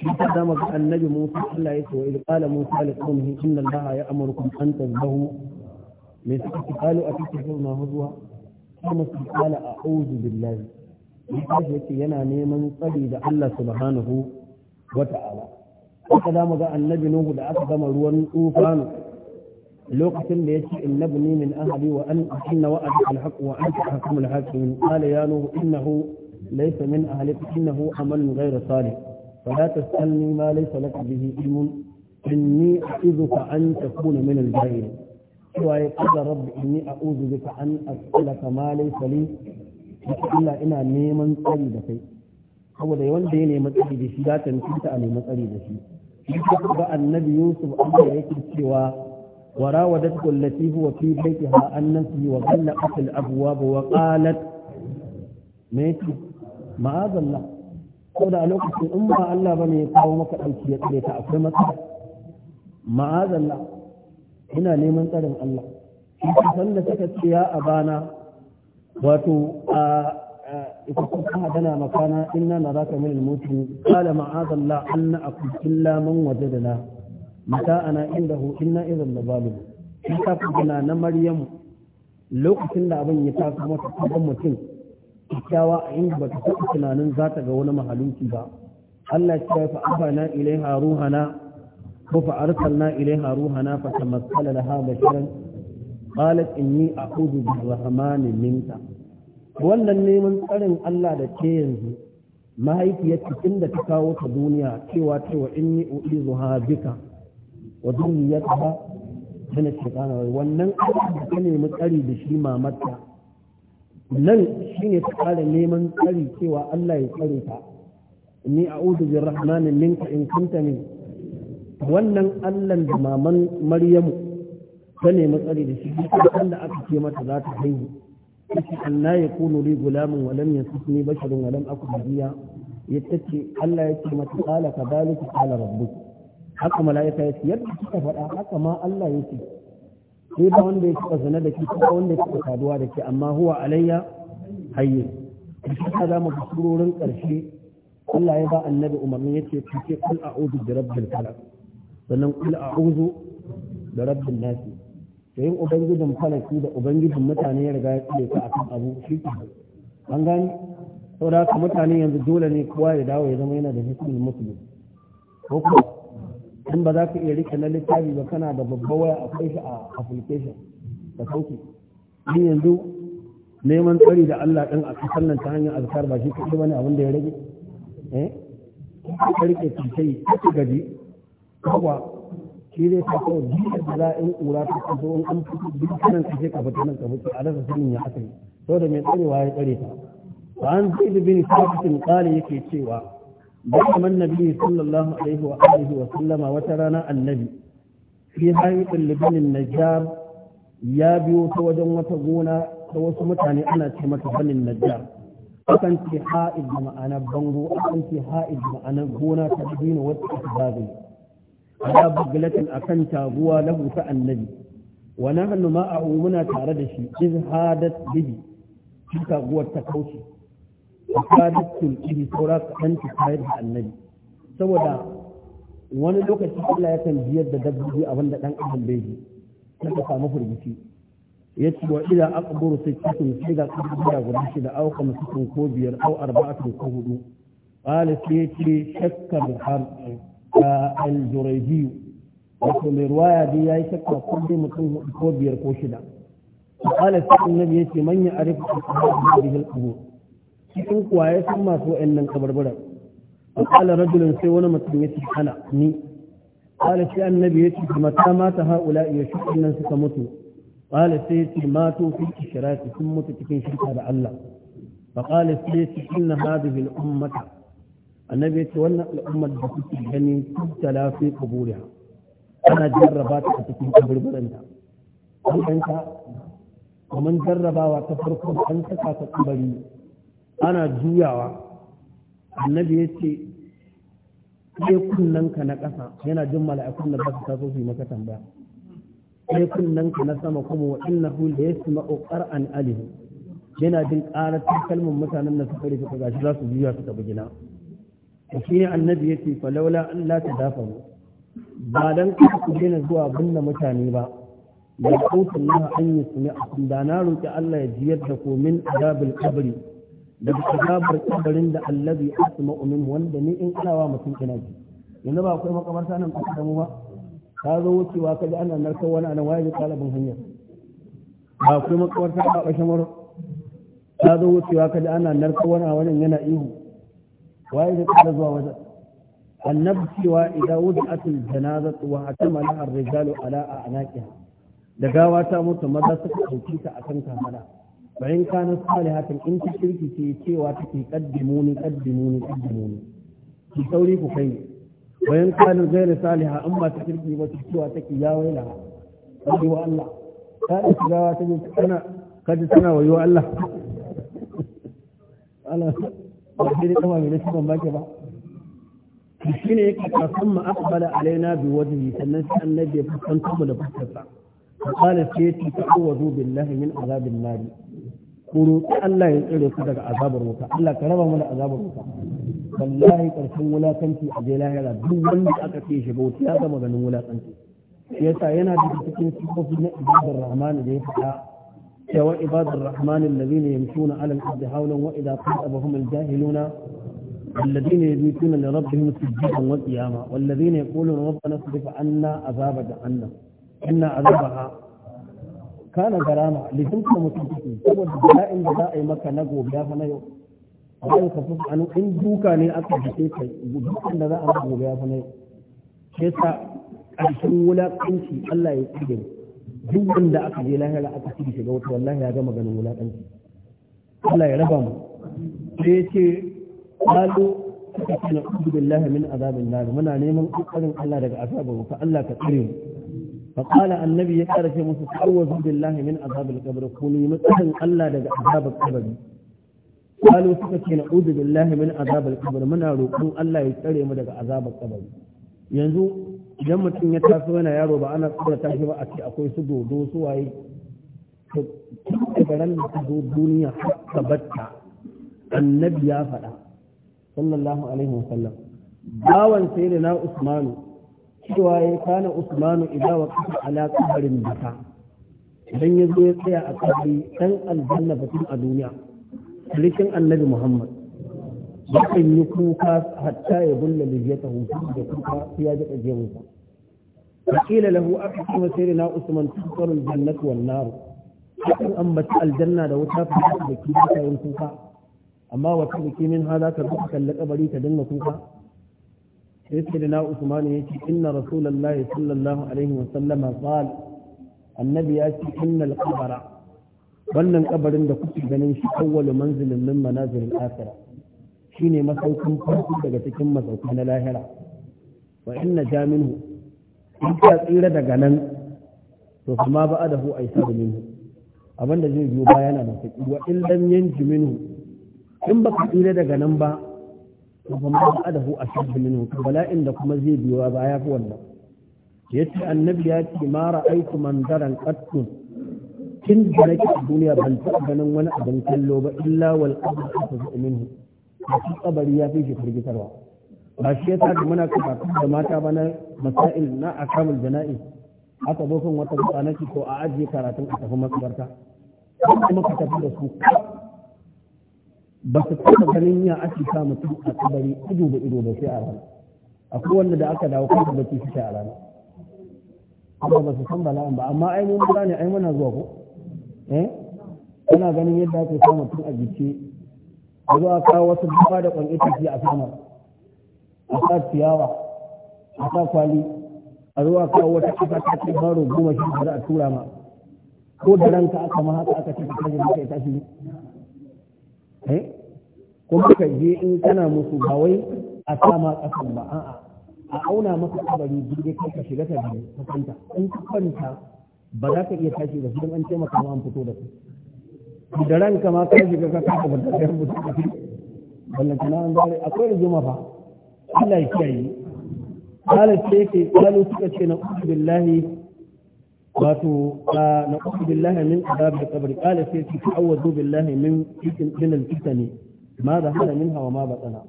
shi ta dama ga annabi Musa Allah ya ce wa idh qala Musa li qaumihi inna ya ya'murukum an tazbahu me suka ce cikin atatadhbuna huzwa alƙamasi kala a auzu billahi littafi yake yana neman tsari da Allah subhanahu wa ta'ala haka za mu ga annabi nuhu da aka gama ruwan tsufanu lokacin da yake annabi ne min ahli wa an inna wa wa'ada alhaq wa an tahkum ahkamul hakimin qala ya nuhu innahu laysa min ahli innahu amalun ghayra salih tasalni ma laysa lak bihi ilmun inni a'idhuka an takuna min al الجاهلين cewa ya kaza rabbi inni a bika an as'alaka ma laysa li Allah ina neman tsari da kai saboda wanda ya nemi tsari da shi za ta nufinta a nemi tsari da shi shi ga annabi yusuf Allah yake cewa وراودته التي هو في بيتها عن وغلقت الابواب وقالت ميتي معاذ الله saboda a lokacin in ba Allah ba ne ya kawo maka ɗauki ta akwai matsala ina neman tsarin Allah san da suka ce ya abana wato a ita kuma hadana makana inna na zaka min al-mutin qala ma'azallah an aqul illa man wajadana mata ana indahu inna idan labalu ta kuma na maryamu lokacin da abin ya taso mata kaban mutum kyakkyawa a inda ba ta tunanin za ta ga wani mahalunci ba Allah ya ce fa abana ilaiha ruhana ko fa arsalna ilaiha ruhana fa tamassala laha basharan qalat inni a'udhu birrahmani minka wannan neman tsarin Allah da ke yanzu mahaifiyar cikin da ta kawo ta duniya cewa cewa inni u'izuha bika wa dhurriyyataha min ash-shaytan wannan Allah da ta nemi tsari da shi mamarta nan shine ta fara neman tsari cewa Allah ya tsare ta inni a'udhu birrahmani minka in kunta min wannan allan da maman maryamu ta nemi tsari da shi duk wanda aka ce mata za ta haihu yace ya yakunu li gulamin wa lam yasifni basharun wa lam aku biya yace Allah ce mata qala kadhalika qala rabbuk haka malaika yace yadda kika faɗa haka ma Allah ce. sai ba wanda ya taba zana da ki ko wanda ya taba saduwa da ki amma huwa alayya hayyin haka za mu ga ƙarshe Allah ya ba annabi umarni ya ki ce kul a'udhu da rabbin falaq sannan kul a'udhu da rabbin nasi da yin ubangijin falaki da ubangijin mutane ya riga ya tsile ka akan abu shi an gani saboda haka mutane yanzu dole ne kowa ya dawo ya zama yana da hisnul musulmi ko kuma in ba za ka iya rike na littafi ba kana da babba waya akwai shi a application da sauki ni yanzu neman tsari da Allah din a kasar nan ta hanyar azkar ba shi kake wani abin da ya rage eh ka rike kai kai gaji kawa shi dai ka kawo jiya da za a in ƙura ta ka in an fito duk kanan kashe kafa ka fita nan ka fito a rasa sanin ya aka yi saboda mai tsarewa ya tsare ta wa an zai da bin sabitin ƙali yake cewa da bayan annabi sallallahu alaihi wa alihi wa sallama wata rana annabi fi hayyukan libinin najjar ya biyo ta wajen wata gona ta wasu mutane ana ce mata banin najjar akan ce ha'id da ma'anar bango akan ce ha'id da ma'anar gona ta dubino wata ta babu A ala baglatin akan taguwa na ta annabi wa nahnu ma'ahu muna tare da shi iz hadat bihi shi taguwar ta kauce wa hadat tul ibi saura kaɗan ta tayar da annabi saboda wani lokaci Allah yakan biyar da dabbobi abin da ɗan adam bai ji ka samu firgici ya ce aka ila aqburu sittun sai ga kaburbura guda shida au kama sittun ko biyar au arba'atun ko hudu qala sai ya ce shakkar har al-juraiji wato mai ruwaya dai yayi shakka ko dai mutum ko biyar ko shida qala sai yace man ya arifu hadhihi al-qubur cikin kwaye sun masu wa'annan kabarbaran qala rajulun sai wani mutum yace ana ni qala sai annabi yace mata mata haula ya shukin nan suka mutu qala sai yace fi sun mutu cikin shirka da Allah فقال سيدي annabi ce wannan al'ummar da kuke gani tala fi quburiha ana jarraba ta a cikin kaburburanta an ɗanka kamar jarrabawa ta farko da an saka ta kabari ana juyawa annabi ya ce ɗaya kunnanka na ƙasa yana jin mala'ikun da ba su taso su yi maka tambaya ɗaya kunnanka na sama kuma wa ya la yasma'u qur'an alihi yana jin ƙarar kalmar mutanen da suka rufe shi za su juya su tafi gina da shi ne annabi ya ce falaula Allah ta dafa mu ba dan ku daina zuwa binne mutane ba da kotun na an yi sumi a da na roƙi Allah ya jiyar da ku min azabil qabri daga azabar kabarin da allazi asma'u min wanda ni in wa mutum ina ji yanzu ba akwai makabarta nan kusa da mu ba ka zo wucewa kaji ana narkar wani ana waye talibin hanyar ba akwai makabarta ba bashin waro ka zo wucewa kaji ana narkar wani a wannan yana ihu waye zai ƙara zuwa wajen annabi cewa idan wudi'atul janazatu wa hatamala ar-rijalu ala a'naqiha da gawa ta mutu maza suka ɗauki ta akan kamala bayan kana salihatan in ta kirki ce cewa take ni, ni, qaddimuni ni. ki sauri ku kai bayan kana gaira saliha an ba ta kirki ba ta cewa take ya waila sai wa Allah ta da gawa ta tana kaji tana wayo Allah Allah ba sai dai kama mai nashi ban baki ba shi ne yake kafin mu akbala alaina bi wajhi sannan sai annabi ya fuskanta mu da fuskarsa fa qala sayyidi ta'awudu billahi min azabin nar ku roƙi Allah ya tsare ku daga azabar wuta Allah ka raba mu da azabar wuta wallahi karshen wulakanci a je lahira duk wanda aka ce shi bauta ya gama ganin wulakanci yasa yana da cikin sifofi na ibadar rahmanu da ya faɗa سوى عباد الرحمن الذين يمشون على الأرض حولا وإذا خاطبهم الجاهلون الذين يبيتون لربهم سجدا والقيامة والذين يقولون ربنا اصرف عنا عذاب جهنم إن عذابها كان غرامة لزمت مسجدين سبب بلائن بلاء مكة نقو بيافا نيو وإن خفف عنه إن دوكا ني أكا بسيكا دوكا نذا أنقو بيافا نيو شيسا أشولا كنشي الله يتجم duk wanda aka je lahira aka ci shiga wata wallahi ya gama ganin wulaƙanci Allah ya raba mu sai ya ce qalu na ubu billahi min azabin nar muna neman kokarin Allah daga azabar wuta Allah ka tsare mu فقال النبي يقرأ في موسى تعوذ بالله من عذاب القبر كوني مثلا الله دغ عذاب القبر قالوا سكتي نعوذ بالله من عذاب القبر منا روقون الله يتري mu daga azabar القبر yanzu idan mutum ya taso yana yaro ba ana tsorata shi ba a ce akwai su dodo su waye to daga ran da ta zo duniya ta batta annabi ya faɗa sallallahu alaihi wa sallam bawan na usmanu cewa ya kana usmanu idan wa kafa ala kabarin bata idan ya zo ya tsaya a kabari dan aljanna batun a duniya rikin annabi muhammad yakan yi kuka hatta ya bulla liziyata hutu da kuka ya ji ƙage wakila lahu aka kuma sai na usman tukar jannatu wan naru akan ambaci aljanna da wuta fita da ki ta yin kuka amma wata da min hada ka rubuta kalla kabari ta dinga kuka sai sai na usman ya ce inna rasulullahi sallallahu alaihi wa sallam, qala annabi ya ce innal qabara wannan kabarin da kuke ganin shi awwalu manzilin min manazilil akhirah ne masaukin farko daga cikin masauki na lahira wa in na ja minhu in ka tsira daga nan to kuma ba adahu aisaru minhu abin da zai biyo ba yana da sauki wa in lam yanji minhu in ba ka tsira daga nan ba to kuma ba adahu ashaddu minhu bala'in da kuma zai biyo ba ya fi wannan yace annabi ya ce ma ra'aytu mandaran qattun Kin da nake a duniya ban taɓa ganin wani abin kallo ba illa wal abu ta minhu kafin kabari ya fi shi firgitarwa ba shi yasa da muna karatu da mata ba na masail na akamul jana'i aka zo wata wata tsanaki ko a ajiye karatun a tafi makabarta kuma ka tafi da su ba su taɓa ganin ya ake sa mutum a kabari ido da ido ba sai a rana akwai wanda da aka dawo da baki suke a rana amma ba su san bala'an ba amma ai mun gane ai muna zuwa ko eh kana ganin yadda ake sa mutum a gice zuwa zo a kawo wasu duba da ƙwan itace a sama a sa ciyawa a sa kwali a zo a kawo wata ƙasa ta ce baro goma shi da a tura ma ko da ranka aka mahaka haka aka ce ka tashi ka tashi eh kuma ka je in kana musu ba wai a sama ƙasan ba a'a a auna maka kabari duk kai ka shiga ta biyu ka kwanta in ka kwanta ba za ka iya tashi da su don an taimaka ma an fito da su da ranka ma ka shiga ka kafa da kai mutum a cikin ballanta na an zare akwai rigima fa Allah ya yi. qalat sai ke qalu suka ce na ubi billahi wato na ubi billahi min azab da qabri qala sai ki ta'awudu billahi min fitin din al-fitani ma da hana minha wa ma batana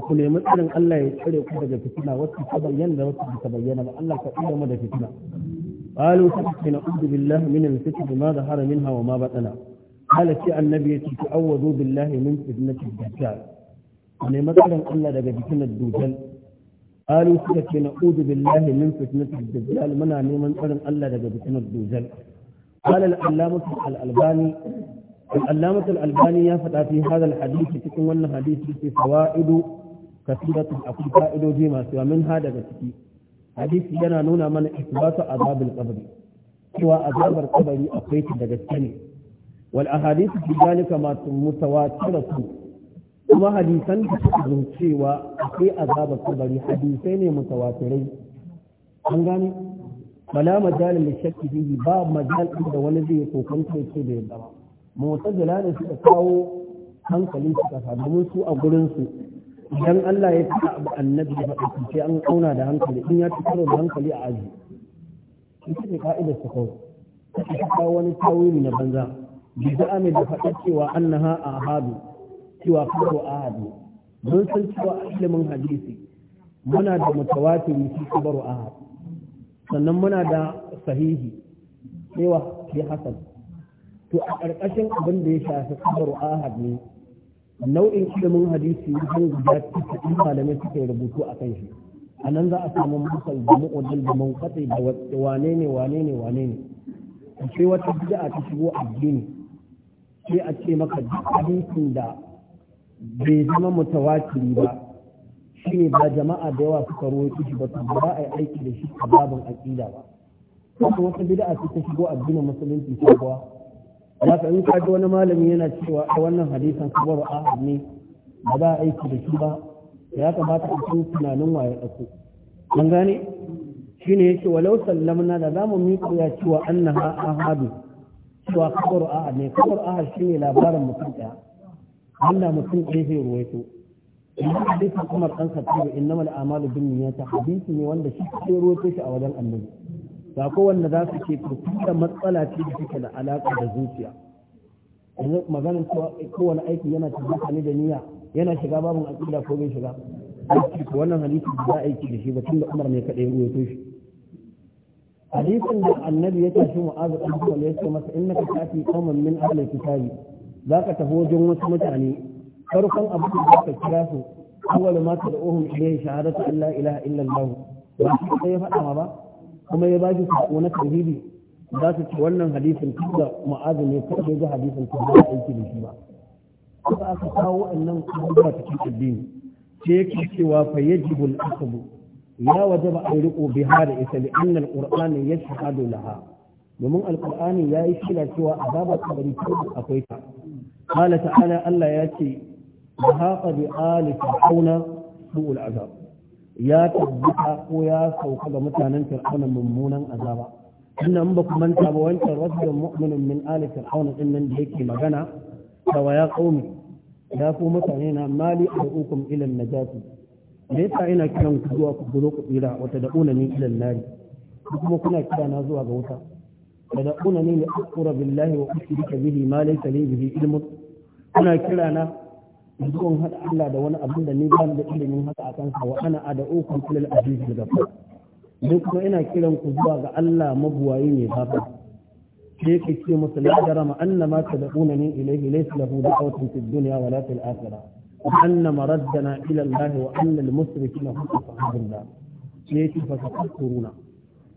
ku nemi tsarin Allah ya tsare ku daga fitina wasu ta bayyana da wasu ta bayyana ba Allah ka tsare mu da fitina qalu suka ce na ubi billahi min al-fitani ma da hana minha wa ma batana قال في النبي تعوذوا بالله من فتنة الدجال أنا مثلا الله daga fitinar dujal قالوا سكت نعوذ بالله من فتنة الدجال منا neman tsarin Allah daga fitinar dujal قال العلامة الألباني العلامة الألباني يا فتى في هذا الحديث تكون وانا حديث في فوائد كثيرة أكو فائد جيما سوى من هذا كتكي حديث ينا نونا من إثبات عذاب القبر سوى عذاب القبر أقيت دقتني wal ahadith fi zalika ma mutawatiratu kuma hadisan da suke cewa akwai azaba kabari hadisai ne mutawatirai an gane bala majalin da shakki fihi ba majalin da wani zai kokanta ce da yadda ba mutazila ne suka kawo hankalin su kasa domin su a gurinsu. idan Allah ya faɗa abu annabi da faɗa sai an auna da hankali in ya ci karo da hankali a aji ita ce ka'idar su kawai ta kawo wani tawuri na banza bi da faɗa cewa annaha ahadu cewa farko ahadu mun san cewa ilimin hadisi muna da mutawatiri su kabaru ahad sannan muna da sahihi cewa ke hasan to a ƙarƙashin abin da ya shafi kabaru ahad ne nau'in ilimin hadisi wajen guda cikin malamai suke rubutu a kan shi a nan za a samu musal da mu'udal da mankatai da wane ne wane ne wane ne sai wata bid'a ta shigo addini sai a ce maka duk hadisin da bai zama mutawatiri ba shi ne ba jama'a da yawa suka ruwa shi ba su ba a yi aiki da shi a babin aƙida ba wasu wata bid'a su ta shigo addinin musulunci sabuwa za ka in kaji wani malami yana cewa a wannan hadisan ba a ne ba za a aiki da shi ba ya kamata a cikin tunanin waye ɗauko an gane shi ne ya ce walau sallamna da za mu miƙo ya cewa annaha ahadu cewa kabar a'a ne kabar a'a shi ne labarin mutum ɗaya Allah mutum ɗaya zai ruwaito idan hadisin Umar ɗan Khattab innama al-amalu binniyati hadisi ne wanda shi ke ruwaito shi a wajen annabi ba ko wanda za su ce to kuma matsala ce da take da alaƙa da zuciya yanzu maganar cewa kowane aiki yana tabbata ne da niyya yana shiga babin aqida ko bai shiga wannan hadisi da za a aiki da shi ba tunda Umar ne kaɗai ruwaito shi hadisin da annabi ya tashi mu'azu dan ya ce masa innaka ta'ti qauman min ahli kitabi zaka tafi wajen wasu mutane farkon abu da zaka kira su da ma tad'uhum ilayhi shahadatu an la ilaha illa allah ba shi sai ya faɗawa ba kuma ya bashi shi sako na za su ci wannan hadisin tunda mu'azu ne ko bai ga hadisin ko ba aiki da shi ba kuma aka kawo wannan abubuwa cikin addini sai yake cewa fa yajibu al ya waje ba an riko biha da isali, li annal qur'ani yashhadu laha domin alqur'ani ya yi shila cewa azaba kabari ko akwai ta qala ta'ala Allah ya ce haqa bi ali fir'auna su'ul azab ya tabbata ko ya sauka ga mutanen fir'auna mummunan azaba innan ba ku manta ba wancan rajulun mu'minun min ali fir'auna din nan da yake magana sawa ya qaumi ya ku mutane na mali al'ukum ila najati me yasa ina kiran ku zuwa ku zo ku tsira wata da una min nari kuma kuna kira na zuwa ga wuta da da una ne aqura billahi wa ushrika bihi ma laysa li bihi ilmun kuna kira na zuwan hada Allah da wani abin da ni ba da ilimin haka a kansa wa ana ad'ukum ilal aziz da ghafur duk kuma ina kiran ku zuwa ga Allah mabuwayi ne ba sai yake ce musu la jarama annama tad'una min ilayhi laysa lahu da'watun fid dunya wa la fil akhirah وأن مردنا إلى الله وأن المسرفين هم أصحاب الله سيتي فستذكرون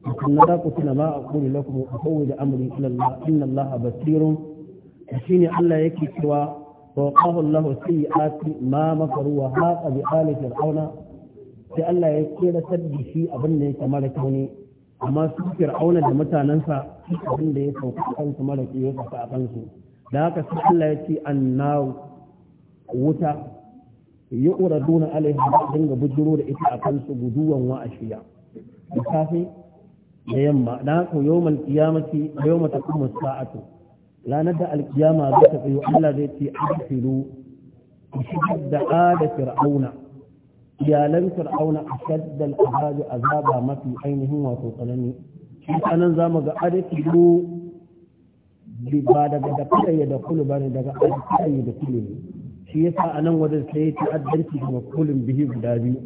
وكنا لا قتل ما أقول لكم وأفوض أمري إلى الله إن الله بصير حين الله يكي سوى فوقاه الله سيئات ما مكروا وهاق بآل فرعون sai Allah ya keratar da shi abin da yake mara kyau ne amma su fir'auna da mutanensa abin da ya sauka a kansu mara kyau ya sauka a kansu da haka sai Allah ya ce annawu wuta ya uraduna alaiha da dinga bujiro da ita a kansu guduwan wa ashiya da safe da yamma da haka yawmal qiyamati yawma taqumu sa'atu ranar da alkiyama za ta tsayo Allah zai ce adfilu shigar da ada fir'auna iyalan fir'auna shaddal azabi azaba mafi ainihin wato tsanani shi anan zamu ga adfilu ba daga da kada da kulu bane daga adfilu da kulu ne shi yasa a nan wajen sai ya ta'addanci da mafulin bihi guda biyu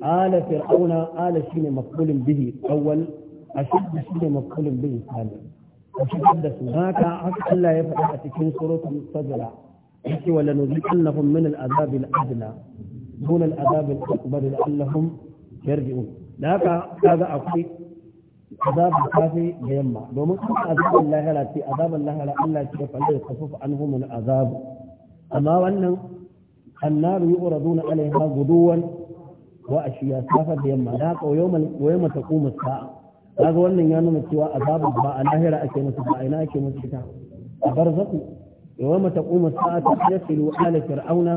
ala fir'auna ala ne mafulin bihi awwal ashidda ne mafulin bihi sani a shigar da su haka haka Allah ya faɗa a cikin suratul sajda yake wala nuziqannahum min al-azab al-adna dun al-azab al-akbar la'allahum yarji'un da haka kaga akwai azabin safe da yamma domin kuma azabin lahira ce azabin lahira Allah ce fa la yakhaffaf anhum al azabu. amma wannan annaru yu'raduna alaiha guduwan wa ashiya safar da yamma da ka mata taqumu sa'a ga wannan ya nuna cewa azabu ba a lahira ake musu ba ina ake musu ita a bar zaku, barzaku mata taqumu sa'a ta yasilu ala fir'auna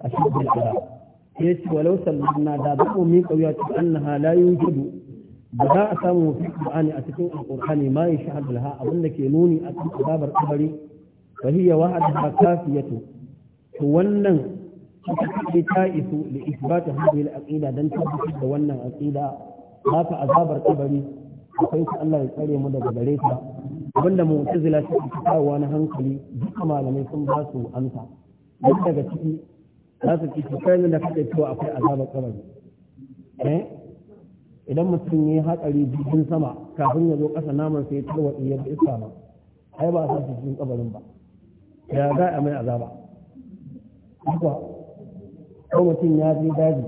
a ashaddu al Ya ce walau sallanna da ba mu mi kauya ta annaha la yujadu ba za a samu fi ƙurani a cikin alqur'ani ma yashhadu laha abinda ke nuni a cikin azabar kabari fa hiya wahadaha kafiyatu to wannan ita ta isu da isbatu hadhihi al-aqida dan tabbatar da wannan aqida ba ta azabar kabari akwai ta Allah ya tsare mu daga gare ta abinda mu mu'tazila ta kawo na hankali duka malamai sun ba su amsa duk daga ciki za su ci kai da kake cewa akwai azabar kabari eh idan mutum ya hatsari bikin sama kafin ya zo ƙasa naman sai ya tarwa ya bi iska ba ai ba sa cikin kabarin ba ya ga a mai azaba haka ko mutum ya je daji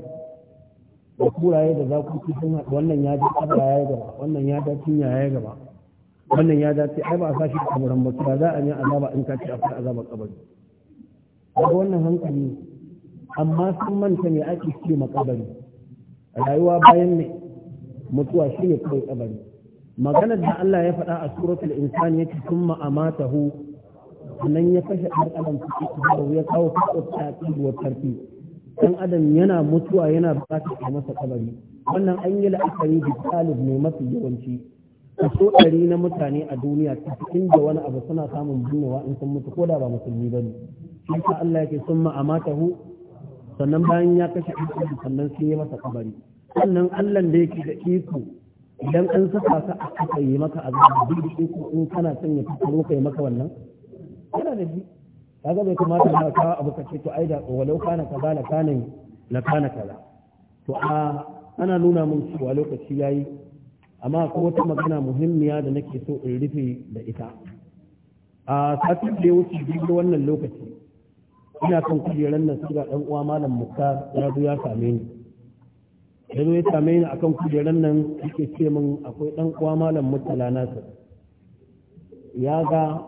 da kuraye da zakoki sun haɗu wannan ya je ƙabra ya yi gaba wannan ya ja cinya ya yi gaba wannan ya dace ai ba a sashi kaburan ba ba za a yi azaba in ka ci akwai azabar kabari daga wannan hankali amma sun manta ne ake ce ma kabari rayuwa bayan ne mutuwa shi ne kawai kabari maganar da Allah ya faɗa a suratul insan yace kuma amatahu sannan ya kashe ɗan adam su ya kawo ta a tsibuwar tarfi ɗan adam yana mutuwa yana bukatar a masa kabari wannan an yi la'akari da talib ne mafi yawanci kaso ɗari na mutane a duniya ta cikin da wani abu suna samun binnewa in sun mutu ko da ba musulmi ba ne shi ka Allah yake sun hu sannan bayan ya kashe ɗan sannan sun yi masa kabari sannan Allah da yake da iko idan an saka ka a aka yi maka azabi duk iko in kana son ya fitaro kai maka wannan yana da ka ga bai kamata na kawo abu kace to ai da walau kana kaza la kana la kana kaza to a ana nuna mun cewa lokaci yayi amma ko wata magana muhimmiya da nake so in rufe da ita a satin da yau wuce duk wannan lokaci ina kan kujeran nan sai ga dan uwa malam muktar ya zo ya same ni ya ya same ni akan kujeran nan yake ce min akwai dan uwa malam mutala nasir ya ga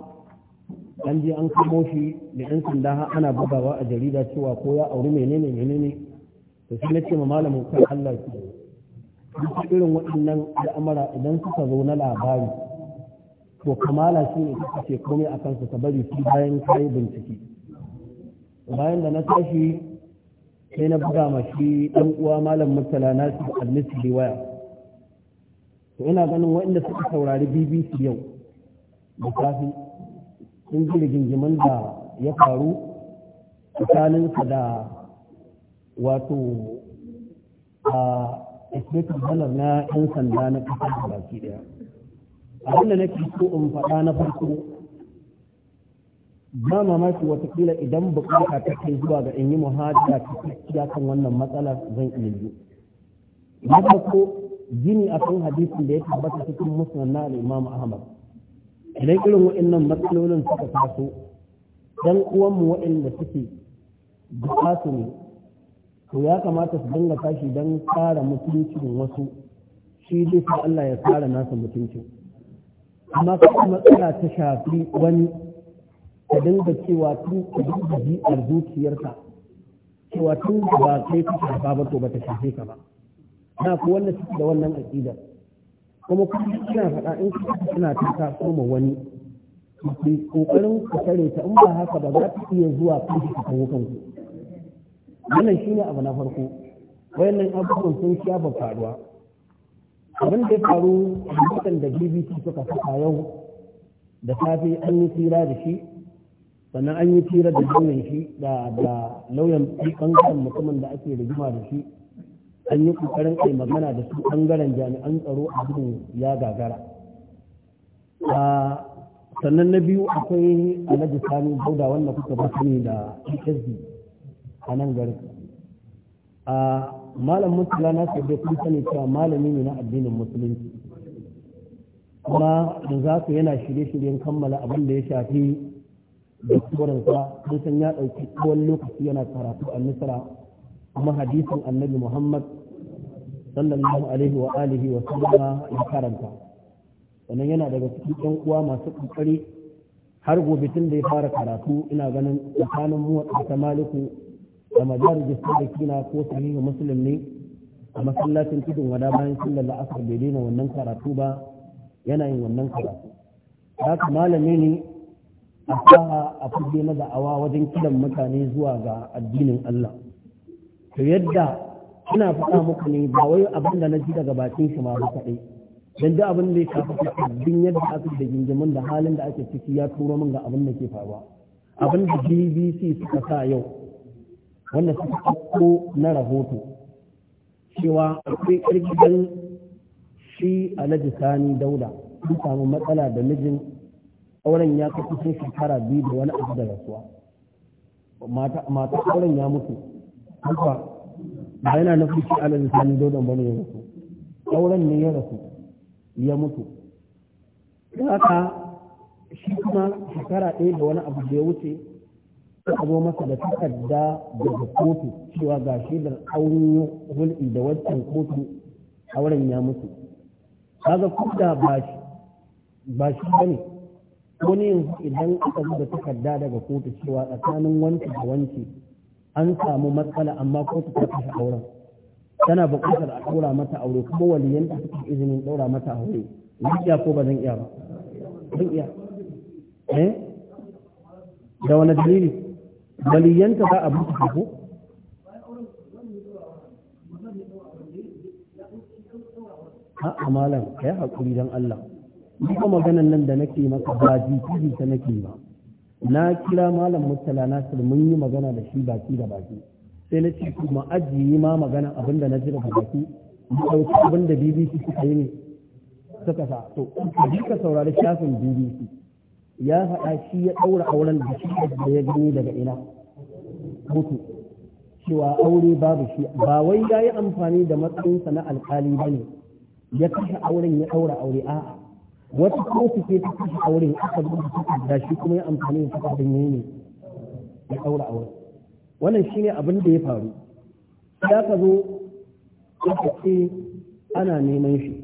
an je an kamo shi da yan sanda ana bugawa a jarida cewa ko ya auri menene menene to sai na ce ma malamin kan Allah ki duk irin waɗannan al'amara idan suka zo na labari to kamala shi ne suka ce komai a kansu ka bari shi bayan kayi bincike bayan da na tashi sai na buga ma shi ɗan uwa malam murtala na su almisi waya to ina ganin waɗanda suka saurari bbc yau da safi kun gina da ya faru tsakaninsa da wato a inspector general na 'yan sanda na ƙasar da baki daya abin da nake so in faɗa na farko ba mamaki watakila idan bukata ta kai zuwa ga in yi muhajira ta kan wannan matsalar zan iya yi na farko gini akan hadisin da ya tabbata cikin musulman na al ahmad idan irin waɗannan matsalolin suka taso dan uwanmu waɗanda suke bukatu ne to ya kamata su dinga tashi don tsara mutuncin wasu shi dai sai Allah ya tsara nasa mutuncin amma kuma matsala ta shafi wani ta dinga cewa tun ka dinga ji'ar zuciyarka cewa tun ba kai ka shafa ba to ba ta shafe ka ba na ku wannan da wannan aƙidar kuma kuma suna faɗa in kuma suna taka koma wani ki kokarin ka ta in ba haka ba za ta iya zuwa kan ta kawo kanku wannan shine abu na farko wayannan abubuwan sun shafa faruwa abin da ya faru a da BBC suka saka yau da safe an yi tsira da shi sannan an yi tsira da lauyan shi da lauyan bangaren mutumin da ake rigima da shi an yi ƙoƙarin kai magana da su ɓangaren jami'an tsaro a gudun ya gagara sannan na biyu akwai alhaji sani dauda wanda kuka ba ne da hsd a nan garin a malam mutula na sabbe kun sani cewa malami ne na addinin musulunci kuma da za ku yana shirye-shiryen kammala abin da ya shafi da kurinsa kun san ya ɗauki kowane lokaci yana karatu a misra kuma hadisin annabi muhammad sallallahu alaihi wa alihi wa sallama ya karanta sannan yana daga cikin ɗan uwa masu kokari har gobe tun da ya fara karatu ina ganin tsakanin mu da maliku da majalis na ko sahihu muslim ne a masallacin tudun wada bayan sallar la'asar bai daina wannan karatu ba yana yin wannan karatu haka malami ne a sa'a a fuge na da'awa wajen kiran mutane zuwa ga addinin Allah to yadda ina faɗa muku ne ba wai abin da na ji daga bakin shi ma kaɗai dan da abin da ya shafi sabbin yadda aka da gingimin da halin da ake ciki ya turo min ga abin da ke faruwa abin da BBC suka sa yau wanda suka ɗauko na rahoto cewa akwai ƙirƙirar shi alhaji sani dauda sun samu matsala da mijin auren ya kasu sun shekara biyu da wani abu da rasuwa mata auren ya mutu haka ba yana na fushi ala lisani dodon bane ya rasu auren ne ya rasu ya mutu haka shi kuma shekara ɗaya da wani abu da ya wuce suka zo masa da takarda daga kotu cewa ga da aure hulɗi da wancan kotu auren ya mutu kaga kuda ba shi ba shi bane wani yanzu idan aka zo takarda daga kotu cewa tsakanin wanki da wanki an samu matsala amma ko ta kashe auren tana buƙatar a ɗaura mata aure kuma waliyan da suke izinin ɗaura mata aure zan iya ko ba zan iya ba zan iya eh da wani dalili waliyanta za a buɗe ko a'a malam kai hakuri dan Allah ni kuma maganan nan da nake maka ba jiki ta nake ba na kira malam murtala nasir mun yi magana da shi baki da baki sai na ce kuma ajiye ma magana abin da na ji daga baki mu ɗauki abin da bbc suka yi ne suka sa to ka saurari shafin bbc ya faɗa shi ya ɗaura auren da shi da ya gani daga ina mutu cewa aure babu shi ba wai ya yi amfani da matsayinsa na alkali ba ne ya kashe auren ya ɗaura aure a'a wata kuma su ke ta kashe aure aka zo da da shi kuma ya amfani da takardun ne ne ya daura aure wannan shi ne abin da ya faru ya ka zo aka ce ana neman shi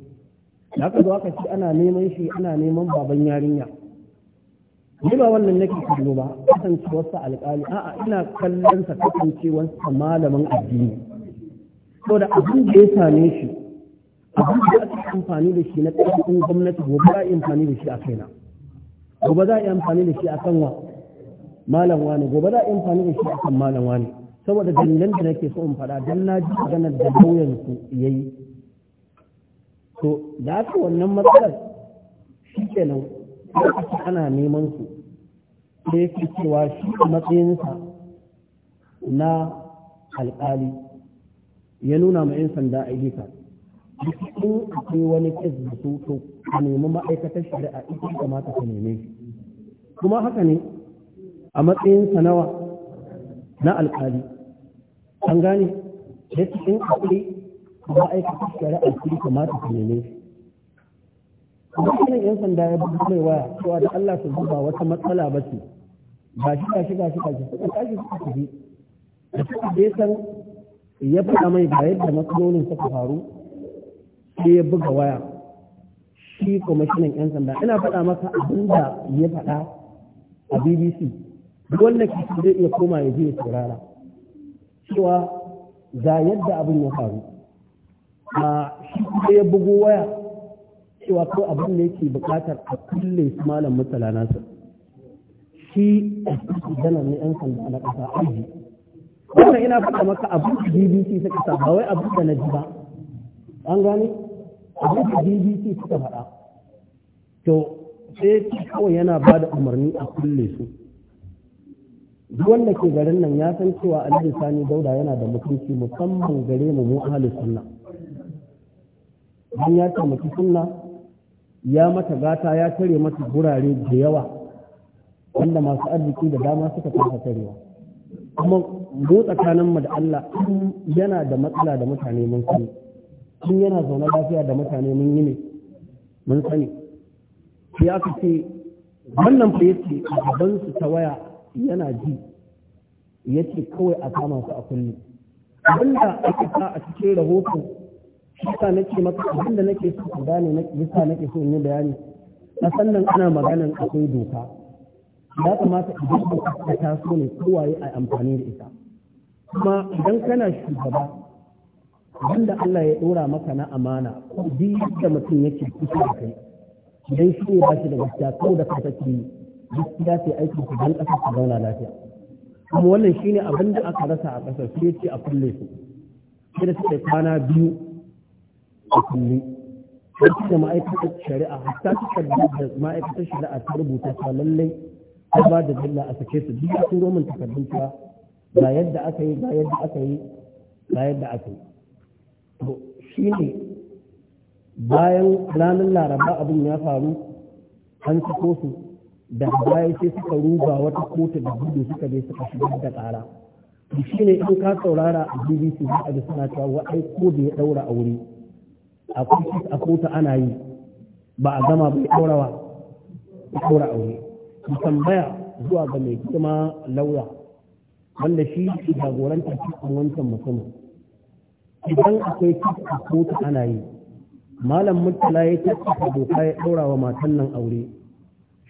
da aka zo aka ce ana neman shi ana neman baban yarinya ni ba wannan nake kallo ba wasu alƙali a'a ina kallon sa kasancewarsa malamin addini saboda abin da ya same shi abin da ake amfani da shi na ƙarfin gwamnati gobe za a yi amfani da shi a kaina gobe za a yi amfani da shi a kan wa malam wani gobe za a yi amfani da shi a kan malam wani saboda dalilan da nake so in faɗa don na ji maganar da lauyan su ya yi to da aka wannan matsalar shi kenan lokaci ana neman su sai yake cewa shi matsayinsa na alƙali ya nuna ma 'yan sanda ayyuka in akwai wani kes da su to a nemi ma'aikatar shari'a ita kamata ta neme kuma haka ne a matsayin sanawa na alkali an gane yake in akwai ma'aikatar shari'a ita kamata ta neme shi wannan yan sanda ya bugu mai waya cewa da Allah su zuba wata matsala ba ce ba shi ba shi ba shi ba shi suka tashi suka tafi da suka san ya faɗa mai ga yadda matsalolin suka faru sai ya buga waya shi kwamishinan 'yan sanda ina faɗa maka abin da ya faɗa a bbc wanda ke zai iya koma ya je ya saurara cewa ga yadda abin ya faru a shi ya bugo waya cewa ko abin da yake bukatar a kulle su malam matsala nasu shi janar na 'yan sanda na ƙasa aji wannan ina faɗa maka abin da bbc ta sa ba wai abin da na ji ba an gane abin bbc suka faɗa to sai kawai yana ba da umarni a kulle su duk wanda ke garin nan ya san cewa alhaji sani dauda yana da mutunci musamman gare mu mu ahalus sunna don ya taimaki sunna ya mata gata ya tare mata gurare da yawa wanda masu arziki da dama suka kasa tarewa kuma mu mu da Allah yana da matsala da mutane mun sani tun yana zaune lafiya da mutane mun yi ne mun sani Ya aka ce wannan fa yace a gaban su ta waya yana ji yace kawai a kama su a kulle abinda aka sa a cikin rahoton shi sa nake maka abinda nake so ku gane nake yasa nake so in bayani a sannan ana maganan akwai doka ya kamata idan ka ta taso ne kowaye a amfani da ita kuma idan kana shugaba wanda Allah ya ɗora maka na amana ko duk yadda mutum yake kusa da kai idan shi ne ba shi da gaskiya ko da ka take gaskiya sai aiki ku dan kasa ku zauna lafiya kuma wannan shine abin da aka rasa a kasar sai yace a kulle su sai da suka kwana biyu a kulle sai da ma'aikatar shari'a hatta suka da ma'aikatar shari'a ta rubuta ta lallai ta ba da dalla a sake su duk sun roman takardun cewa ga yadda aka yi ga yadda aka yi ga yadda aka yi to shi ne bayan ranar laraba abin ya faru an sako su da bayan sai suka ruba wata kotu da gudu suka je suka shigar da ƙara da shi ne in ka saurara a bbc za a ga suna cewa wa'ai ko da ya ɗaura wuri? akwai kwanci a kotu ana yi ba a gama ba ya ɗaura wa ya ɗaura aure tambaya zuwa ga mai kuma lauya wanda shi jagoranta cikin wancan mutumin idan akwai kisa a kotu ana yi malam murtala ya ce a doka ya ɗaura wa matan nan aure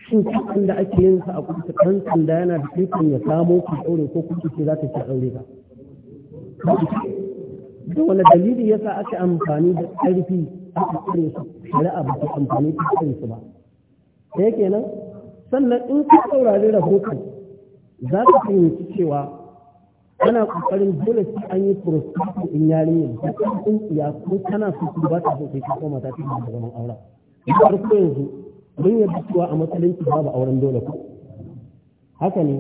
shin cikin da ake yin sa a kotu ɗan sanda yana da ikon ya samo ku aure ko kuma ce za ta ci aure ba da wani dalili ya sa ake amfani da ƙarfi aka tsare su shari'a ba ta amfani da tsare su ba yake nan, sannan in ka saurari rahoton za ka fahimci cewa ana kokarin dole sai an yi prostate in yarinyar da kan ya ko kana so ki ba ta so sai ka koma ta cikin da zaman aura farko yanzu mun yadda cewa a matsalinki babu auren dole ko haka ne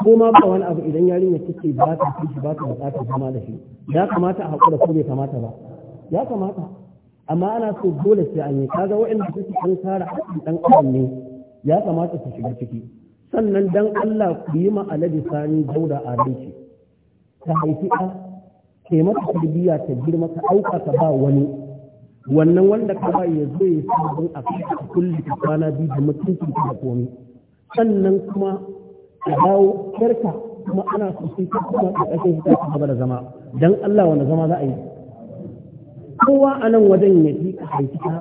ko ma ba wani abu idan yarinya kike ba ta ki ba ta bukatar zama da shi ya kamata a haƙura ko bai kamata ba ya kamata amma ana so dole sai an yi kaga waɗanda suke an a cikin ɗan adam ne ya kamata su shiga ciki sannan dan Allah ku yi ma alade sani dauda a ranci ta haifi a ke mata tarbiyya ta girma ta auka ta ba wani wannan wanda ka ba ya zo ya sabon a kulle ta kwana biyu da mutunci da komi sannan kuma a dawo kyarka kuma ana so sai kuma a ƙarshen ta gaba da zama dan Allah wanda zama za a yi kowa a nan wajen ya fi a haifi ta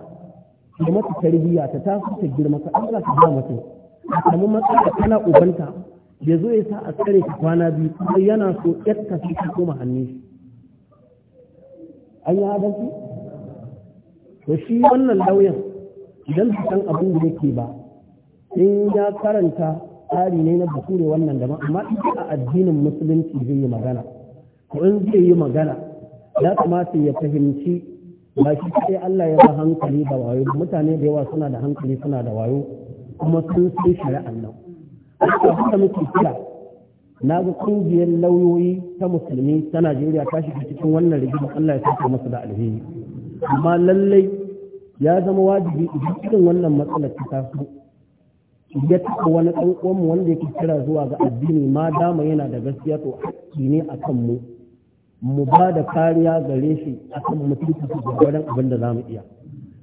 ke tarbiyya ta tafi ta girma ta Allah ta ba mutum a samu matsala kana ubanta ya zo ya sa a tsare ka kwana biyu kuma yana so yadda su ta koma hannu shi an yi adalci to shi wannan lauyan idan ba san abin da yake ba in ya karanta tsari ne na bature wannan daban amma ita a addinin musulunci zai yi magana Ko in zai yi magana ya kamata ya fahimci ba shi sai Allah ya ba hankali da wayo mutane da yawa suna da hankali suna da wayo kuma sun san shari'ar nan haka muke kira na ga ƙungiyar lauyoyi ta musulmi ta najeriya ta shiga cikin wannan rigima allah ya saka masu da alheri amma lallai ya zama wajibi idan irin wannan matsalar ta taso ya taɓa wani ɗan uwanmu wanda yake kira zuwa ga addini ma dama yana da gaskiya to haƙƙi ne a kan mu mu ba da kariya gare shi a kan mutunci su gwagwaran abin da za mu iya.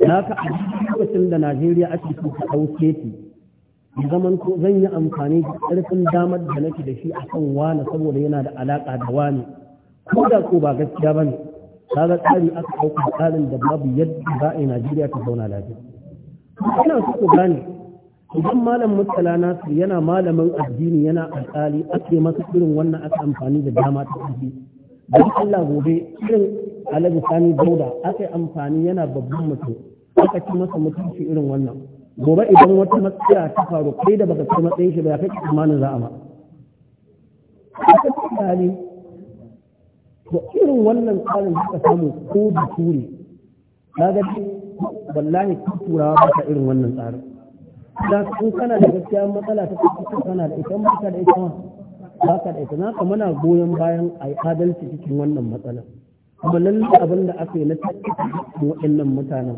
Na ka a lokacin da Najeriya ake so ta zaman ko zan yi amfani da ƙarfin damar da nake da shi a kan wani saboda yana da alaƙa da wani ko da ko ba gaskiya ba ne kaga tsari aka ɗauka tsarin da babu yadda za a yi najeriya ta zauna lafiya ina so ku gane idan malam murtala nasir yana malamin addini yana alƙali ake masa irin wannan aka amfani da dama ta ƙarfi don allah gobe irin alhaji sani dauda aka yi amfani yana babban mutum aka ci masa mutunci irin wannan gobe idan wata matsaya ta faru kai da baka kai matsayin shi ba ya kai tsammanin za a ma ba irin wannan tsarin da ka samu ko da ture na ga wallahi kun turawa ba ta irin wannan tsarin da kun kana da gaskiya matsala ta kuma kana da ita ba ka da ita ma ba ka da ita na ka na goyon bayan a yi adalci cikin wannan matsala. kuma lallai abin da aka yi na tattalin waɗannan mutanen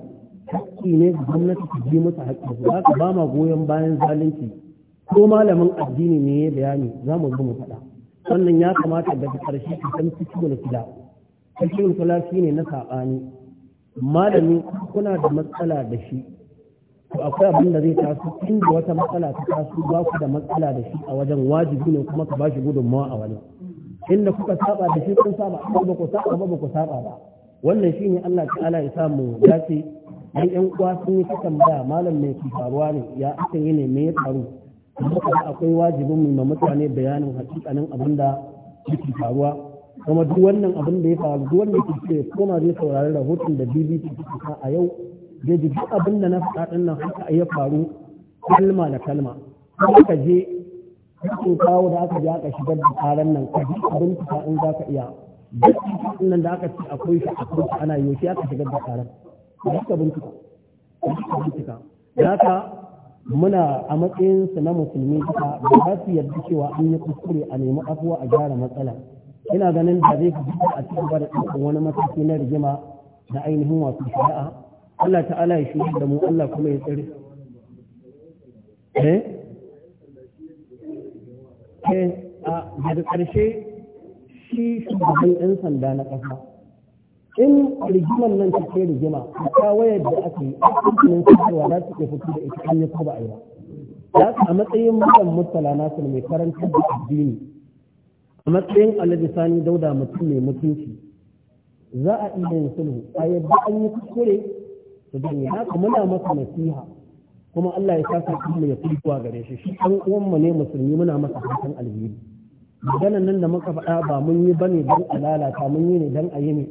haƙƙi ne gwamnati ta ji masa haƙƙi za ka ba ma goyon bayan zalunci ko malamin addini ne ya bayani za mu zo mu faɗa wannan ya kamata daga ƙarshe ka san cikin kula cikin kula shi ne na saɓani malami kuna da matsala da shi to akwai abin da zai taso inda wata matsala ta taso ba ku da matsala da shi a wajen wajibi ne kuma ka ba shi gudunmawa a wani inda kuka saba da shi kun saba ba ku saba ba ku saba ba wannan shine Allah ta'ala ya samu dace dan yan uwa sun yi baya malam mai ke faruwa ne ya aka yi ne me ya faru kuma akwai wajibin mu ma mutane bayanin hakikanin abin da yake faruwa kuma duk wannan abin da ya faru duk wanda ke ce koma zai saurari rahoton da BBC ta a yau da duk abin da na faɗa nan haka ya faru kalma da kalma kuma ka je cikin kawo da aka je aka shigar da taron nan ka ji abin in za ka iya duk nan da aka ce akwai shi akwai ana yi aka shigar da taron da bincika da bincika da haka muna a matsayinsu na musulmi duka ba za su yarda cewa an yi kuskure a nemi afuwa a gyara matsala ina ganin da zai fi a cikin bada ɗaukar wani mataki na rigima na ainihin wasu shari'a Allah ta'ala ya shirya da mu Allah kuma ya tsare eh, eh a daga ƙarshe shi shugaban 'yan sanda na ƙasa in rigiman nan ta kai rigima ta da aka yi kamfanin sadarwa za su iya fito da ita hanyar ko ba a yi ba a matsayin mutan na su mai karanta da addini a matsayin alhaji sani dauda mutum mai mutunci za a iya yin sulhu a yadda an yi kuskure da janye haka muna masa nasiha kuma Allah ya saka kuma ya fi gare shi shi ɗan uwanmu ne musulmi muna masa fatan alheri maganan nan da muka faɗa ba mun yi bane don a lalata mun yi ne don a yi ne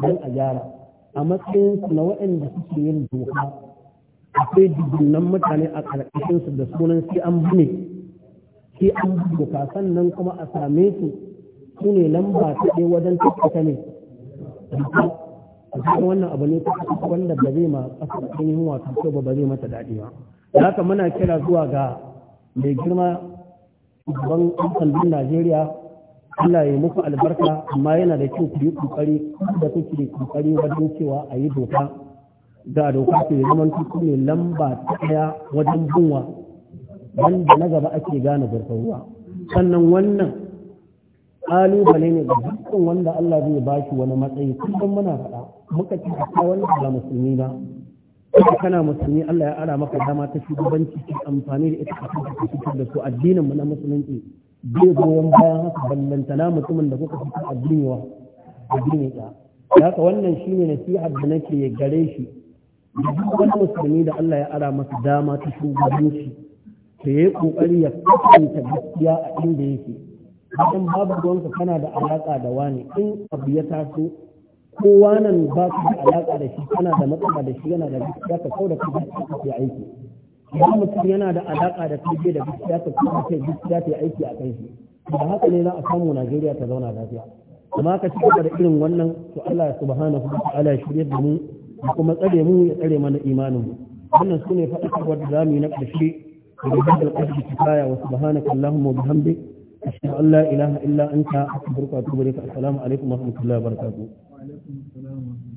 don a gyara a matsayin su na waɗanda suke yin doka akwai dubunan mutane a ƙarƙashin su da sunan sai an bune sai an doka sannan kuma a same su su ne lamba ta ɗaya wajen tabbata ne a wannan abu ne wanda ba zai ma ƙasar ainihin wato ko ba zai mata daɗi ba haka muna kira zuwa ga mai girma shugaban ɗan Najeriya Allah ya muku albarka amma yana da kyau ku yi kokari da kuke kokari wajen cewa a yi doka da doka ya zaman tuku ne lamba ta daya wajen bunwa wanda na gaba ake gane zarfin ruwa sannan wannan kalubale ne ga dukkan wanda Allah zai ba shi wani matsayi kullum muna faɗa muka ci a wannan ba musulmi ba kuma kana musulmi Allah ya ara maka dama ta shugabanci amfani da ita a kan da su addinin mu na musulunci bai goyon bayan haka na mutumin da kuka fi addini a duniya ta haka wannan shine nasihar da nake gare shi da duk wani musulmi da Allah ya ara masa dama ta shugabanci shi ya yi kokari ya kasance gaskiya a inda yake idan babu ruwanka kana da alaka da wani in abu ya taso ko nan ba da alaka da shi kana da matsala da shi yana da gaskiya ka kauda ka ga aiki idan mutum yana da alaƙa da kai da gaskiya ta kuma kai gaskiya ta yi aiki a kan shi da haka ne za a samu Najeriya ta zauna lafiya amma ka ci gaba da irin wannan to Allah subhanahu wa ta'ala ya shirye da mu da kuma tsare mu ya tsare mana imanin mu wannan sune faɗakarwar da za mu yi na ƙarshe daga bidal qadri kifaya wa subhanaka allahumma wa bihamdik ashhadu an la ilaha illa anta astaghfiruka wa atubu ilaik assalamu alaikum wa rahmatullahi wa barakatuh